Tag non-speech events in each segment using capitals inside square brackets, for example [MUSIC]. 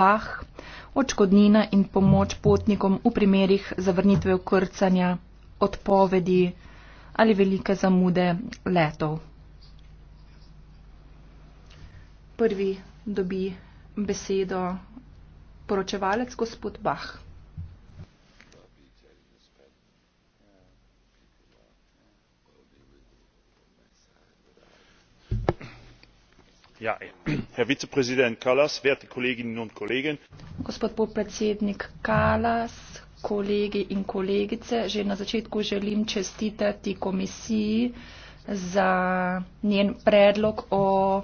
pah, očkodnina in pomoč potnikom v primerih zavrnitve okrcanja, odpovedi ali velike zamude letov. Prvi dobi besedo poročevalec gospod Bach. Ja, ja. herr vizepräsident kallas werte kolleginnen und kollegen! gospod podpredsednik kallas kolegi in kolegice že na začetku želim čestitati komisiji za njen predlog o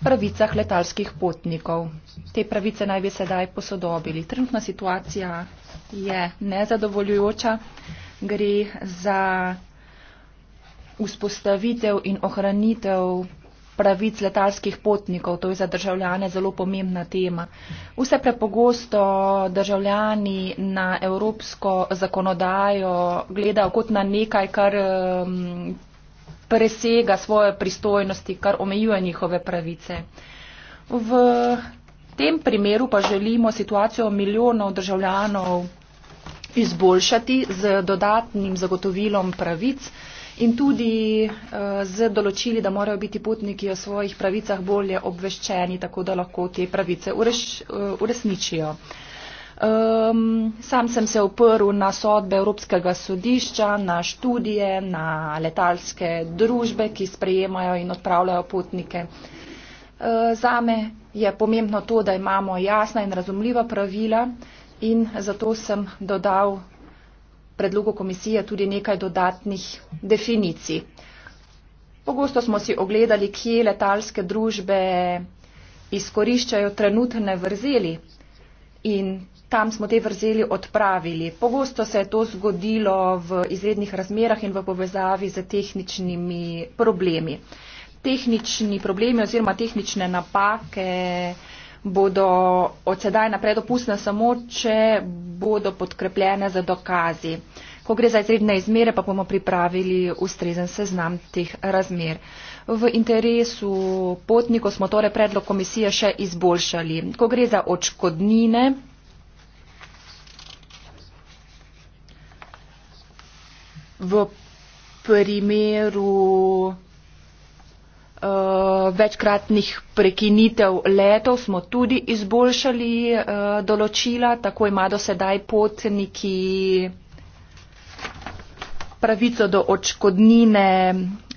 pravicah letalskih potnikov. te pravice naj bi sedaj posodobili. trenutna situacija je nezadovoljujoča. gre za vzpostavitev in ohranitev pravic letalskih potnikov. To je za državljane zelo pomembna tema. Vse prepogosto državljani na evropsko zakonodajo gledajo kot na nekaj, kar presega svoje pristojnosti, kar omejuje njihove pravice. V tem primeru pa želimo situacijo milijonov državljanov izboljšati z dodatnim zagotovilom pravic in tudi uh, z določili, da morajo biti potniki o svojih pravicah bolje obveščeni, tako da lahko te pravice ureš, uh, uresničijo. Um, sam sem se oprl na sodbe Evropskega sodišča, na študije, na letalske družbe, ki sprejemajo in odpravljajo potnike. Uh, zame je pomembno to, da imamo jasna in razumljiva pravila in zato sem dodal predlogu komisije tudi nekaj dodatnih definicij. Pogosto smo si ogledali, kje letalske družbe izkoriščajo trenutne vrzeli in tam smo te vrzeli odpravili. Pogosto se je to zgodilo v izrednih razmerah in v povezavi z tehničnimi problemi. Tehnični problemi oziroma tehnične napake bodo od sedaj naprej dopustne samo, če bodo podkrepljene za dokazi. Ko gre za izredne izmere, pa bomo pripravili ustrezen seznam teh razmer. V interesu potnikov smo torej predlog komisije še izboljšali. Ko gre za očkodnine, v primeru Eh, večkratnih prekinitev letov smo tudi izboljšali eh, določila, tako ima do sedaj potniki pravico do očkodnine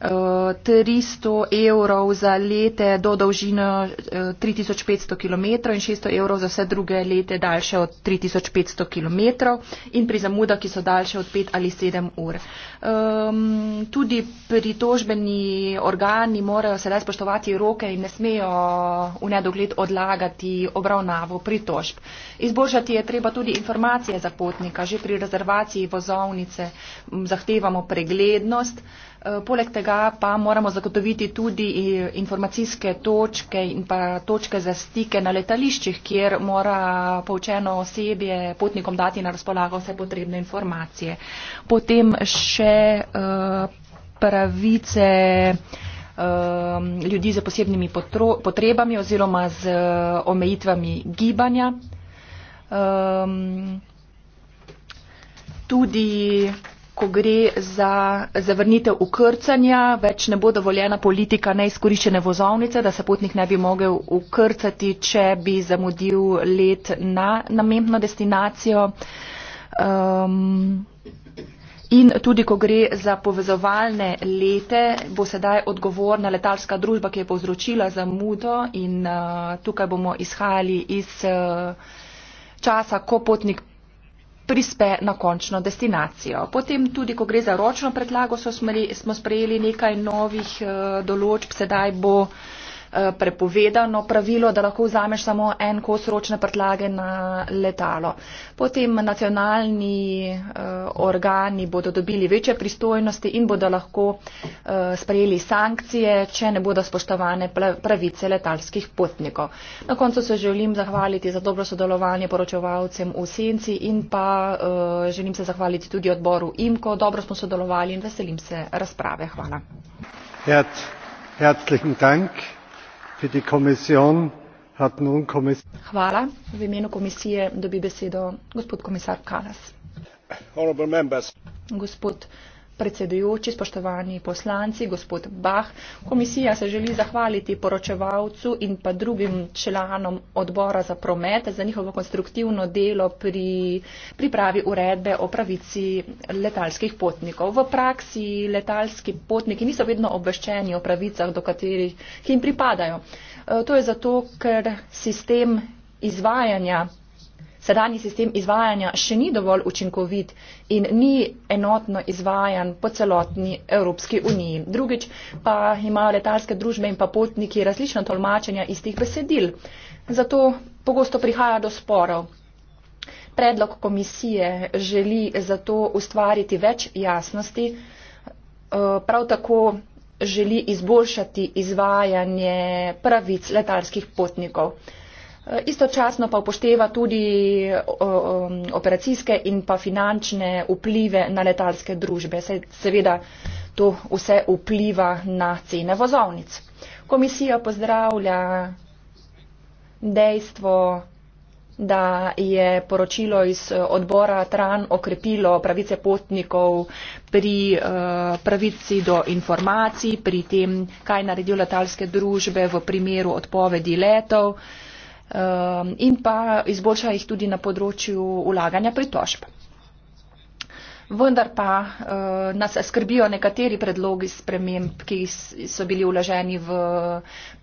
300 evrov za lete do dolžine 3500 eh, km in 600 evrov za vse druge lete daljše od 3500 km in pri zamuda, ki so daljše od 5 ali 7 ur. Um, tudi pritožbeni organi morajo sedaj spoštovati roke in ne smejo v nedogled odlagati obravnavo pritožb. Izboljšati je treba tudi informacije za potnika. Že pri rezervaciji vozovnice zahtevamo preglednost. Eh, poleg tega pa moramo zagotoviti tudi eh, informacijske točke in pa točke za stike na letališčih, kjer mora poučeno osebje potnikom dati na razpolago vse potrebne informacije. Potem še uh, pravice ljudi z posebnimi potrebami oziroma z omejitvami gibanja. Ehm, tudi ko gre za zavrnitev ukrcanja, več ne bo dovoljena politika neizkoriščene vozovnice, da se potnik ne bi mogel ukrcati, če bi zamudil let na namembno destinacijo. Um, In tudi, ko gre za povezovalne lete, bo sedaj odgovorna letalska družba, ki je povzročila zamudo in uh, tukaj bomo izhajali iz uh, časa, ko potnik prispe na končno destinacijo. Potem tudi, ko gre za ročno predlago, smo, smeli, smo sprejeli nekaj novih uh, določb, sedaj bo uh, Eh, prepovedano pravilo, da lahko vzameš samo en kos ročne prtljage na letalo. Potem nacionalni eh, organi bodo dobili večje pristojnosti in bodo lahko eh, sprejeli sankcije, če ne bodo spoštovane pravice letalskih potnikov. Na koncu se želim zahvaliti za dobro sodelovanje poročevalcem v Senci in pa želim se zahvaliti tudi odboru IMKO. Dobro smo sodelovali in veselim se razprave. Hvala. Herzlichen Dank v imenu komisije dobi besedo gospod komisar kallas. gospod kallas vi ste v svojem poročilu opozorili na pomanjkljivosti predsedujoči, spoštovani poslanci, gospod Bah. Komisija se želi zahvaliti poročevalcu in pa drugim članom odbora za promet za njihovo konstruktivno delo pri pripravi uredbe o pravici letalskih potnikov. V praksi letalski potniki niso vedno obveščeni o pravicah, do katerih jim pripadajo. E, to je zato, ker sistem izvajanja sedanji sistem izvajanja še ni dovolj učinkovit in ni enotno izvajan po celotni Evropski uniji. Drugič pa imajo letalske družbe in pa potniki različna tolmačenja istih besedil. Zato pogosto prihaja do sporov. Predlog komisije želi zato ustvariti več jasnosti, eh, prav tako želi izboljšati izvajanje pravic letalskih potnikov istočasno pa upošteva tudi um, operacijske in pa finančne vplive na letalske družbe. Se, seveda to vse vpliva na cene vozovnic. Komisija pozdravlja dejstvo, da je poročilo iz eh, odbora TRAN okrepilo pravice potnikov pri eh, pravici do informacij, pri tem, kaj naredijo letalske družbe v primeru odpovedi letov. Ehm, in pa izboljša jih tudi na področju ulaganja pritožb. Vendar pa uh, nas skrbijo nekateri predlogi sprememb, ki so bili uloženi v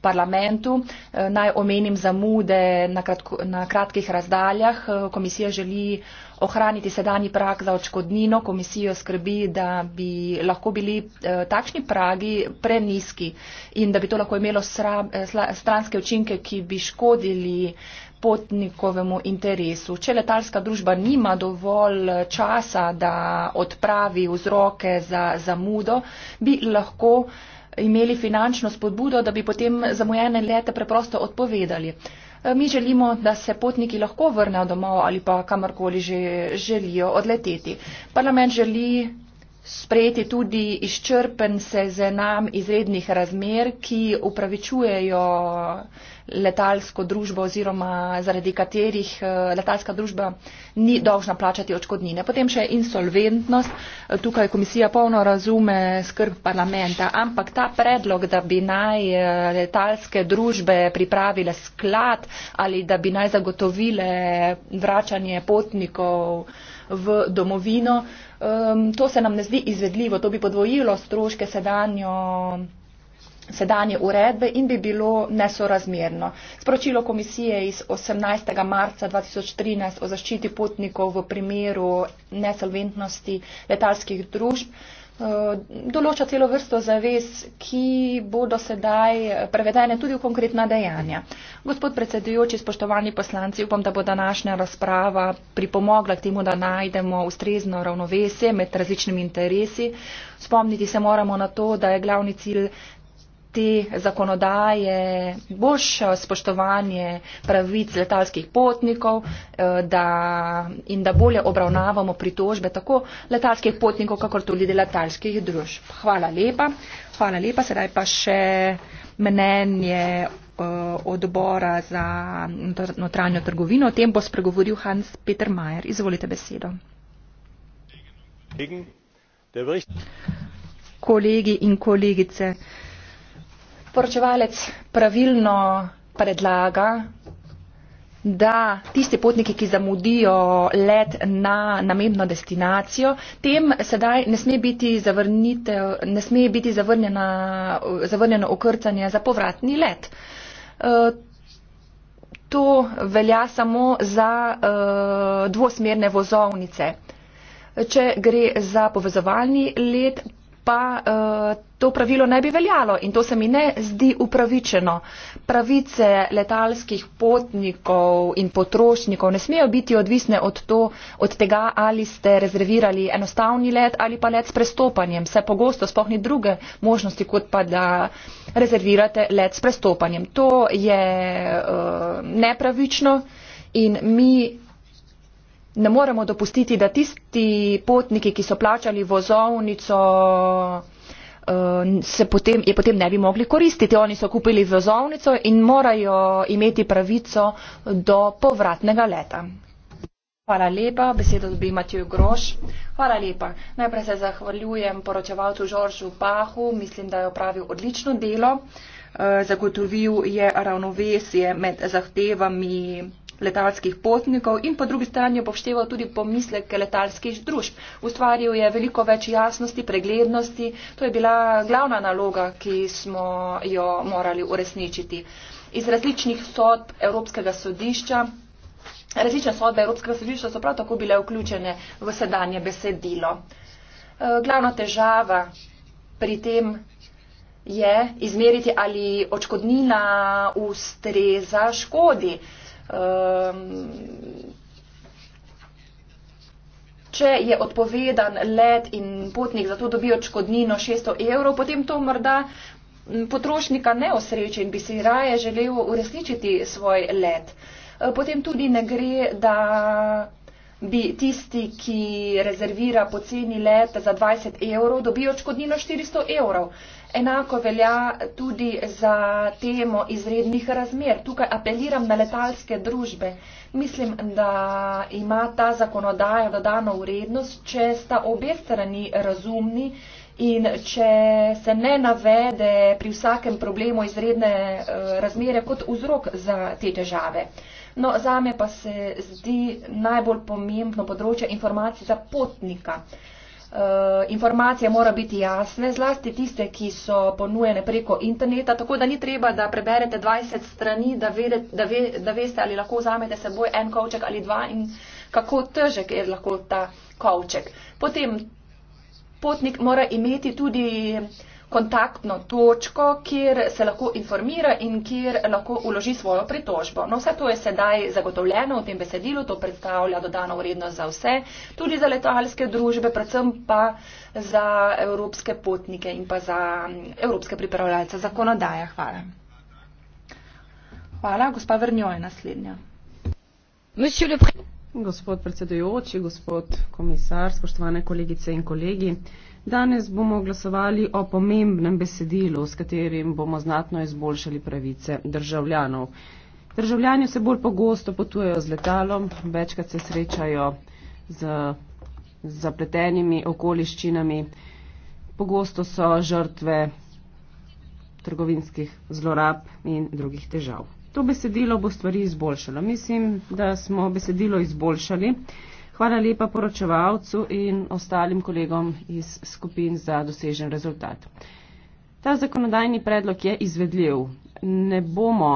parlamentu. Uh, naj omenim zamude na, kratko, na kratkih razdaljah. Uh, komisija želi uh, ohraniti sedanji prag za očkodnino. Komisijo skrbi, da bi lahko bili eh, takšni pragi preniski in da bi to lahko imelo eh, stranske učinke, ki bi škodili potnikovemu interesu. Če letalska družba nima dovolj eh, časa, da odpravi vzroke za zamudo, bi lahko imeli finančno spodbudo, da bi potem zamujene lete preprosto odpovedali. Eh, mi želimo, da se potniki lahko vrnejo domov ali pa kamorkoli že želijo odleteti. Parlament želi sprejeti tudi izčrpen se zenam izrednih razmer, ki upravičujejo letalsko družbo oziroma zaradi katerih eh, letalska družba ni dolžna plačati očkodnine. Potem še insolventnost. Tukaj komisija polno razume skrb parlamenta, ampak ta predlog, da bi naj eh, letalske družbe pripravile sklad ali da bi naj zagotovile vračanje potnikov v domovino, ehm, to se nam ne zdi izvedljivo. To bi podvojilo stroške sedanjo sedanje uredbe in bi bilo nesorazmerno. Sporočilo komisije iz 18. marca 2013 o zaščiti potnikov v primeru nesolventnosti letalskih družb eh, določa celo vrsto zavez, ki bodo sedaj prevedene tudi v konkretna dejanja. Gospod predsedujoči, spoštovani poslanci, upam, da bo današnja razprava pripomogla k temu, da najdemo ustrezno ravnovesje med različnimi interesi. Spomniti se moramo na to, da je glavni cilj hitrosti zakonodaje, boljše spoštovanje pravic letalskih potnikov eh, da, in da bolje obravnavamo pritožbe tako letalskih potnikov, kakor tudi letalskih družb. Hvala lepa. Hvala lepa. Sedaj pa še mnenje eh, odbora za notranjo trgovino. O tem bo spregovoril Hans Peter Majer. Izvolite besedo. Kolegi in kolegice, poročevalec pravilno predlaga, da tisti potniki, ki zamudijo let na namenjeno destinacijo, tem sedaj ne sme biti, ne sme biti zavrnjeno, zavrnjeno okrcanje za povratni let. E, to velja samo za e, dvosmerne vozovnice. Če gre za povezovalni let, pa uh, to pravilo ne bi veljalo in to se mi ne zdi upravičeno. Pravice letalskih potnikov in potrošnikov ne smejo biti odvisne od, to, od tega, ali ste rezervirali enostavni let ali pa let s prestopanjem. Se pogosto spohni druge možnosti, kot pa da rezervirate let s prestopanjem. To je uh, nepravično in mi ne moremo dopustiti, da tisti potniki, ki so plačali vozovnico, eh, potem, je potem ne bi mogli koristiti. Oni so kupili vozovnico in morajo imeti pravico do povratnega leta. Hvala lepa. Besedo dobi Matjo Groš. Hvala lepa. Najprej se zahvaljujem poročevalcu Žoržu Pahu. Mislim, da je opravil odlično delo. Eh, zagotovil je ravnovesje med zahtevami letalskih potnikov in po drugi strani je upošteval tudi pomisleke letalskih družb. Ustvaril je veliko več jasnosti, preglednosti. To je bila glavna naloga, ki smo jo morali uresničiti. Iz različnih sodb Evropskega sodišča. Različne sodbe Evropskega sodišča so prav tako bile vključene v sedanje besedilo. Eh, glavna težava pri tem je izmeriti, ali očkodnina ustreza škodi um, Če je odpovedan let in potnik zato dobijo škodnino 600 evrov, potem to morda potrošnika ne osreče in bi si raje želel uresničiti svoj let. E, potem tudi ne gre, da bi tisti, ki rezervira poceni let za 20 evrov, dobijo škodnino 400 evrov. Uh, Enako velja tudi za temo izrednih razmer. Tukaj apeliram na letalske družbe. Mislim, da ima ta zakonodaja dodano vrednost, če sta obe strani razumni in če se ne navede pri vsakem problemu izredne eh, razmere kot vzrok za te težave. No, zame pa se zdi najbolj pomembno področje informacij za potnika. Eh, informacije mora biti jasne, zlasti tiste, ki so ponujene preko interneta, tako da ni treba, da preberete 20 strani, da, vede, da, ve, da veste, ali lahko vzamete seboj en kovček ali dva in kako težek je lahko ta kovček. Potem potnik mora imeti tudi uh, kontaktno točko, kjer se lahko informira in kjer lahko uloži svojo pritožbo. No, vse to je sedaj zagotovljeno v tem besedilu, to predstavlja dodano vrednost za vse, tudi za letalske družbe, predvsem pa za evropske potnike in pa za evropske pripravljalce zakonodaje. Hvala. Hvala. Gospa Vrnjo je naslednja. Gospod predsedujoči, gospod komisar, spoštovane kolegice in kolegi. Danes bomo glasovali o pomembnem besedilu, s katerim bomo znatno izboljšali pravice državljanov. Državljani se bolj pogosto potujejo z letalom, večkrat se srečajo z zapletenimi okoliščinami, pogosto so žrtve trgovinskih zlorab in drugih težav. To besedilo bo stvari izboljšalo. Mislim, da smo besedilo izboljšali. Hvala lepa poročevalcu in ostalim kolegom iz skupin za dosežen rezultat. Ta zakonodajni predlog je izvedljiv. Ne bomo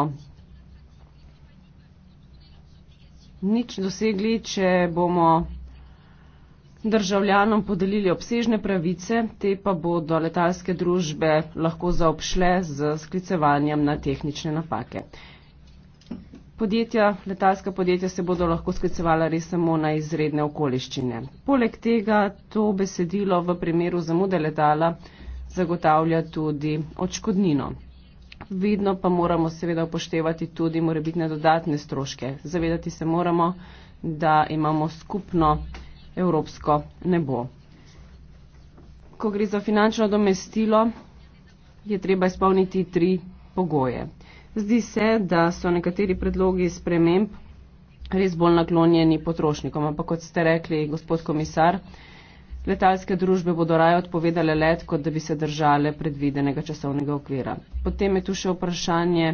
nič dosegli, če bomo državljanom podelili obsežne pravice, te pa bodo letalske družbe lahko zaobšle z sklicevanjem na tehnične napake podjetja, letalska podjetja se bodo lahko sklicevala res samo na izredne okoliščine. Poleg tega to besedilo v primeru zamude letala zagotavlja tudi odškodnino. Vidno pa moramo seveda upoštevati tudi morebitne dodatne stroške. Zavedati se moramo, da imamo skupno evropsko nebo. Ko gre za finančno domestilo, je treba izpolniti tri pogoje. Zdi se, da so nekateri predlogi sprememb res bolj naklonjeni potrošnikom, ampak kot ste rekli, gospod komisar, letalske družbe bodo raje odpovedale let, kot da bi se držale predvidenega časovnega okvira. Potem je tu še vprašanje,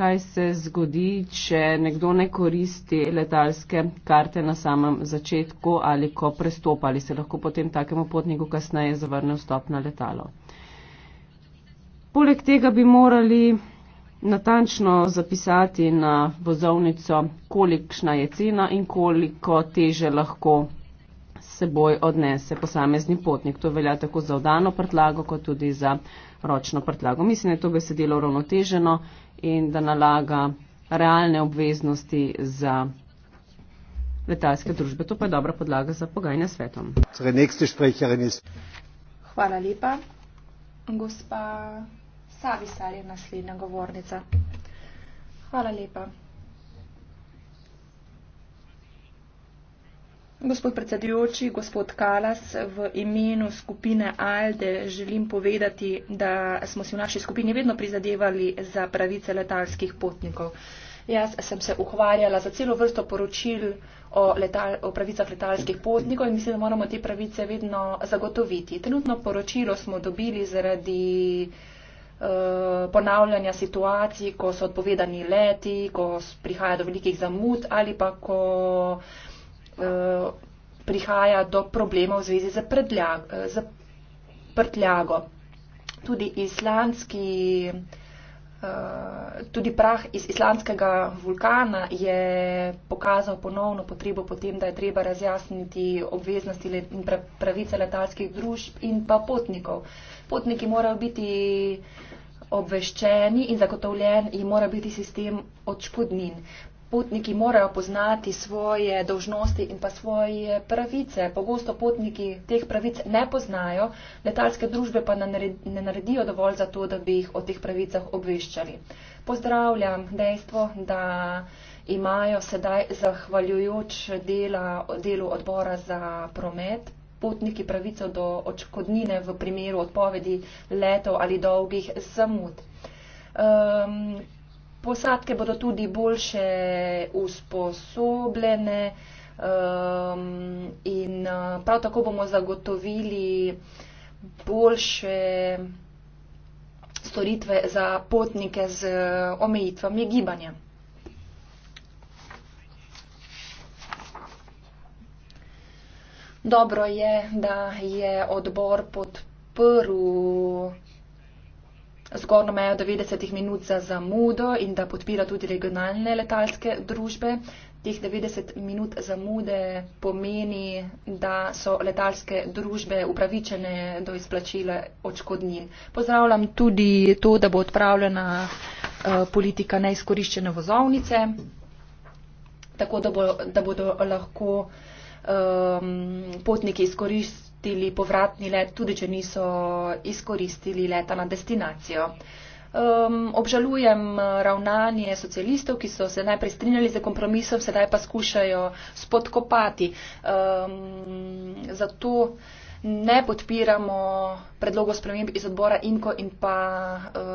kaj se zgodi, če nekdo ne koristi letalske karte na samem začetku ali ko prestopali, se lahko potem takemu potniku kasneje zavrne vstop na letalo. Poleg tega bi morali natančno zapisati na vozovnico, kolikšna je cena in koliko teže lahko seboj odnese posamezni potnik. To velja tako za vdano prtlago, kot tudi za ročno prtlago. Mislim, da je to besedilo uravnoteženo in da nalaga realne obveznosti za letalske družbe. To pa je dobra podlaga za pogajanje s svetom. Torej, Hvala lepa. Gospa Savisar je naslednja govornica. Hvala lepa. Gospod predsedujoči, gospod Kalas, v imenu skupine ALDE želim povedati, da smo si v naši skupini vedno prizadevali za pravice letalskih potnikov. Jaz sem se ukvarjala za celo vrsto poročil o, letal, o pravicah letalskih potnikov in mislim, da moramo te pravice vedno zagotoviti. Trenutno poročilo smo dobili zaradi Eh, ponavljanja situacij, ko so odpovedani leti, ko prihaja do velikih zamud ali pa ko eh, prihaja do problemov v zvezi z eh, prtljago. Tudi islandski. Tudi prah iz islandskega vulkana je pokazal ponovno potrebo potem, da je treba razjasniti obveznosti in pravice letalskih družb in pa potnikov. Potniki morajo biti obveščeni in zagotovljen jim mora biti sistem odškodnin. Potniki morajo poznati svoje dožnosti in pa svoje pravice. Pogosto potniki teh pravic ne poznajo, letalske družbe pa ne naredijo dovolj za to, da bi jih o teh pravicah obveščali. Pozdravljam dejstvo, da imajo sedaj zahvaljujoč dela, delu odbora za promet potniki pravico do očkodnine v primeru odpovedi letov ali dolgih samot. Um, ehm, posadke bodo tudi boljše usposobljene um, in eh, prav tako bomo zagotovili boljše storitve za potnike z omejitvami gibanja. Dobro je, da je odbor podprl zgornjo mejo 90 minut za zamudo in da podpira tudi regionalne letalske družbe. Teh 90 minut zamude pomeni, da so letalske družbe upravičene do izplačila očkodnin. Pozdravljam tudi to, da bo odpravljena eh, politika neizkoriščene vozovnice, tako da, bo, da bodo lahko um, potniki izkoristili povratni let, tudi če niso izkoristili leta na destinacijo. Um, obžalujem uh, ravnanje socialistov, ki so se najprej strinjali za kompromisom, sedaj pa skušajo spodkopati. Um, zato ne podpiramo predlogov sprememb iz odbora Inko in pa uh,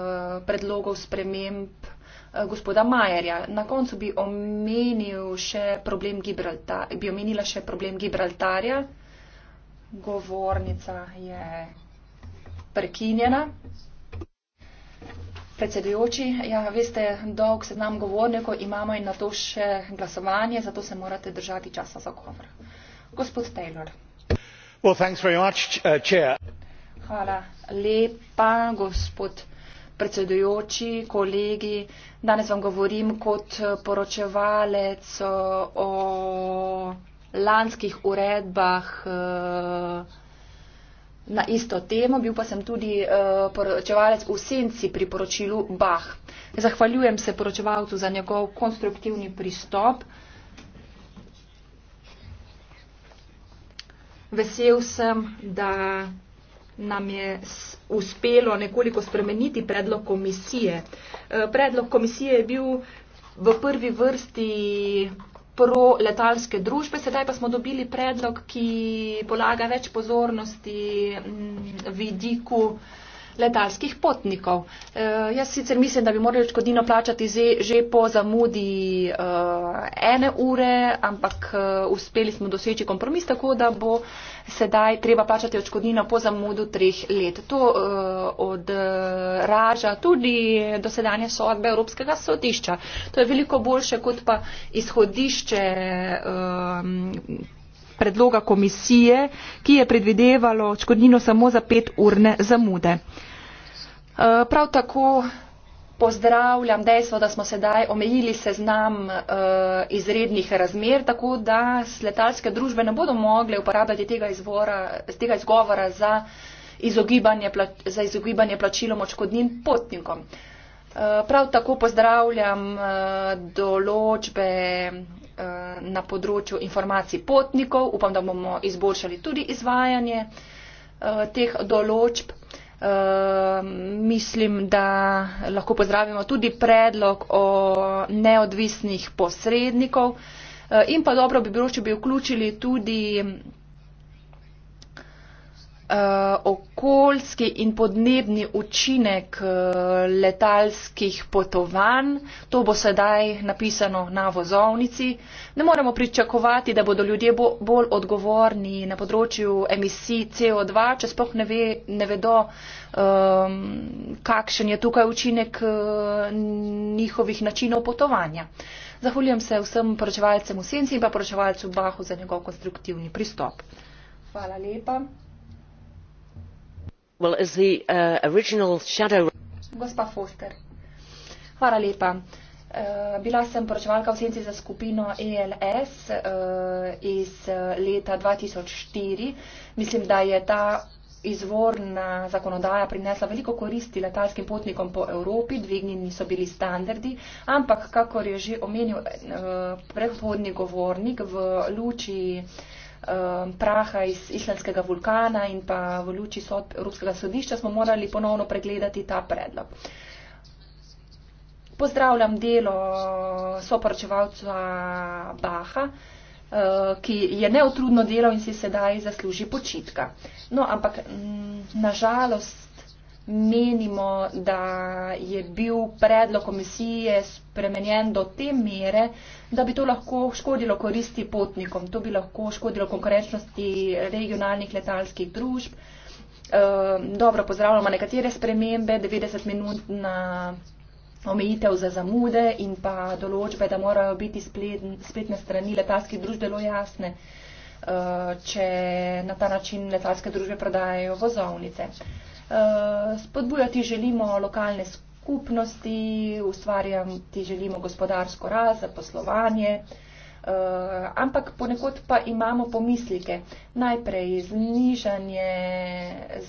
predlogov sprememb uh, Eh, gospoda Majerja. Na koncu bi, še bi omenila še problem Gibraltarja. Govornica je prekinjena. Predsedujoči, ja, veste, dolg se nam govorniko imamo in na to še glasovanje, zato se morate držati časa za govor. Gospod Taylor. Well, much, uh, Hvala lepa, gospod Taylor predsedujoči, kolegi. Danes vam govorim kot poročevalec o lanskih uredbah eh, na isto temo, bil pa sem tudi eh, poročevalec v senci pri poročilu Bah. Zahvaljujem se poročevalcu za njegov konstruktivni pristop. Vesel sem, da nam je uspelo nekoliko spremeniti predlog komisije. E, predlog komisije je bil v prvi vrsti pro letalske družbe, sedaj pa smo dobili predlog, ki polaga več pozornosti vidiku letalskih potnikov. E, jaz sicer mislim, da bi morali odškodino plačati že, že po zamudi e, ene ure, ampak e, uspeli smo doseči kompromis, tako da bo sedaj treba plačati odškodino po zamudu treh let. To e, odraža tudi dosedanje sodbe Evropskega sodišča. To je veliko boljše kot pa izhodišče. E, predloga komisije, ki je predvidevalo odškodnino samo za pet urne zamude. Eh, prav tako pozdravljam dejstvo, da smo sedaj omejili seznam eh, izrednih razmer, tako da letalske družbe ne bodo mogle uporabljati tega, izvora, tega izgovora za izogibanje, za izogibanje plačilom odškodnin potnikom. Eh, prav tako pozdravljam določbe Eh, na področju informacij potnikov. Upam, da bomo izboljšali tudi izvajanje eh, teh določb. Eh, mislim, da lahko pozdravimo tudi predlog o neodvisnih posrednikov. In pa dobro bi bilo, če bi vključili tudi Eh, okoljski in podnebni učinek eh, letalskih potovanj. To bo sedaj napisano na vozovnici. Ne moremo pričakovati, da bodo ljudje bolj odgovorni na področju emisij CO2, če sploh ne, ve, ne vedo, um, kakšen je tukaj učinek eh, njihovih načinov potovanja. Zahvaljujem se vsem poročevalcem v Senci in pa poročevalcu Bahu za njegov konstruktivni pristop. Hvala lepa. Uh, Hvala lepa. Uh, bila sem poročevalka v senci za skupino ELS uh, iz leta 2004. Mislim, da je ta izvorna zakonodaja prinesla veliko koristi letalskim potnikom po Evropi, dvignjeni so bili standardi, ampak kakor je že omenil prehodni govornik v luči uh, Um, praha iz islandskega vulkana in pa v luči sod Evropskega sodišča smo morali ponovno pregledati ta predlog. Pozdravljam delo soporočevalca Baha, uh, ki je neutrudno delal in si sedaj zasluži počitka. No, ampak mm, nažalost menimo, da je bil predlog komisije spremenjen do te mere, da bi to lahko škodilo koristi potnikom. To bi lahko škodilo konkurenčnosti regionalnih letalskih družb. Ehm, dobro, pozdravljamo nekatere spremembe, 90 minut na omejitev za zamude in pa določbe, da morajo biti spletne strani letalskih družb zelo jasne, ehm, če na ta način letalske družbe prodajajo vozovnice. Eh, spodbujati želimo lokalne skupnosti, ustvarjati želimo gospodarsko rast, zaposlovanje, eh, ampak ponekod pa imamo pomislike. Najprej znižanje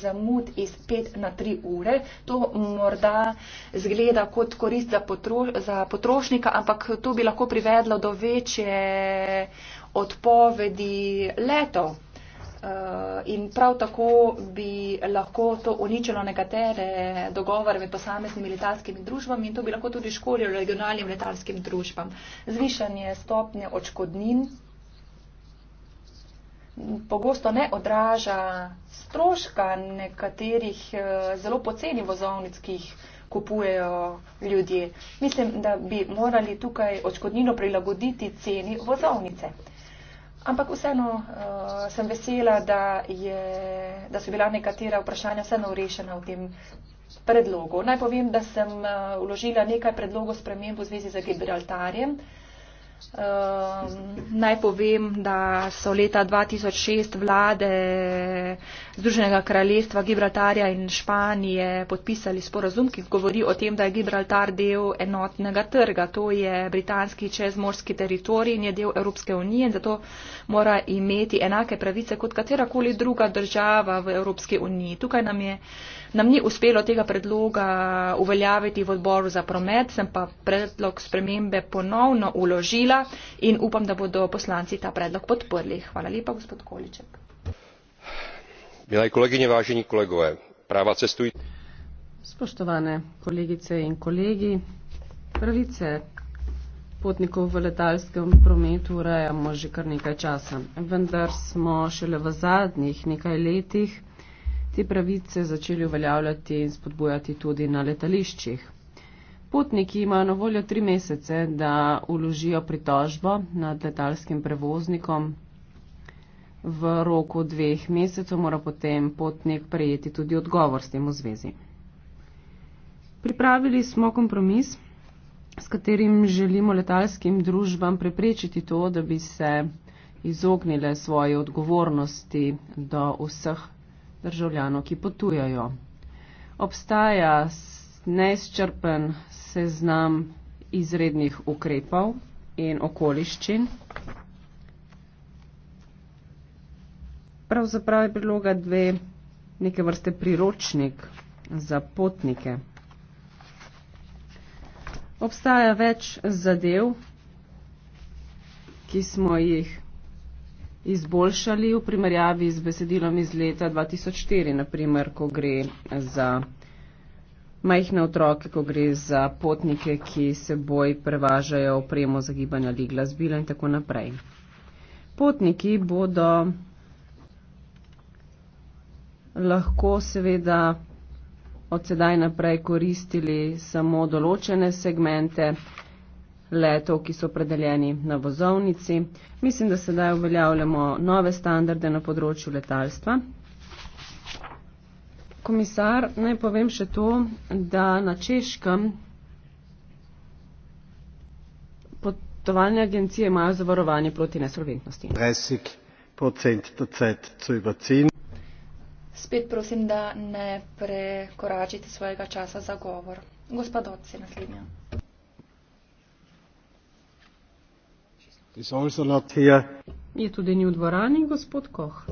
zamud iz 5 na 3 ure. To morda zgleda kot korist za, potroš za potrošnika, ampak to bi lahko privedlo do večje odpovedi letov. Eh, in prav tako bi lahko to uničilo nekatere dogovore med posameznimi letalskimi družbami in to bi lahko tudi škodilo regionalnim letalskim družbam. Zvišanje stopnje očkodnin pogosto ne odraža stroška nekaterih eh, zelo poceni vozovnic, ki jih kupujejo ljudje. Mislim, da bi morali tukaj očkodnino prilagoditi ceni vozovnice. Ampak vseeno uh, sem vesela, da, je, da so bila nekatera vprašanja vseeno rešena v tem predlogu. Naj povem, da sem uh, eh, uložila nekaj predlogov spremembo v zvezi z Gibraltarjem. Uh, Ehm, naj povem, da so leta 2006 vlade Združenega kraljestva Gibraltarja in Španije podpisali sporazum, ki govori o tem, da je Gibraltar del enotnega trga. To je britanski čezmorski teritorij in je del Evropske unije in zato mora imeti enake pravice kot katerakoli druga država v Evropski uniji. Tukaj nam je nam ni uspelo tega predloga uveljaviti v odboru za promet, sem pa predlog spremembe ponovno uložila in upam, da bodo poslanci ta predlog podprli. Hvala lepa, gospod Količek. Milaj kolegine, važeni kolegove, prava cestuj. Spoštovane kolegice in kolegi, pravice potnikov v letalskem prometu urejamo že kar nekaj časa. Vendar smo šele v zadnjih nekaj letih te pravice začeli uveljavljati in spodbujati tudi na letališčih. Potniki imajo na voljo tri mesece, da uložijo pritožbo nad letalskim prevoznikom. V roku dveh mesecev mora potem potnik prejeti tudi odgovor s tem v zvezi. Pripravili smo kompromis, s katerim želimo letalskim družbam preprečiti to, da bi se izognile svoje odgovornosti do vseh državljanov, ki potujajo. Obstaja neizčrpen seznam izrednih ukrepov in okoliščin. Pravzaprav je priloga dve neke vrste priročnik za potnike. Obstaja več zadev, ki smo jih izboljšali v primerjavi z besedilom iz leta 2004, naprimer, ko gre za majhne otroke, ko gre za potnike, ki seboj prevažajo opremo za gibanje ali glasbila in tako naprej. Potniki bodo lahko seveda od sedaj naprej koristili samo določene segmente letov, ki so predeljeni na vozovnici. Mislim, da sedaj uveljavljamo nove standarde na področju letalstva. Komisar, naj povem še to, da na Češkem potovalne agencije imajo zavarovanje proti nesolventnosti. Spet prosim, da ne prekoračite svojega časa za govor. Gospod Otci, naslednja. Je tudi ni v dvorani gospod Koh.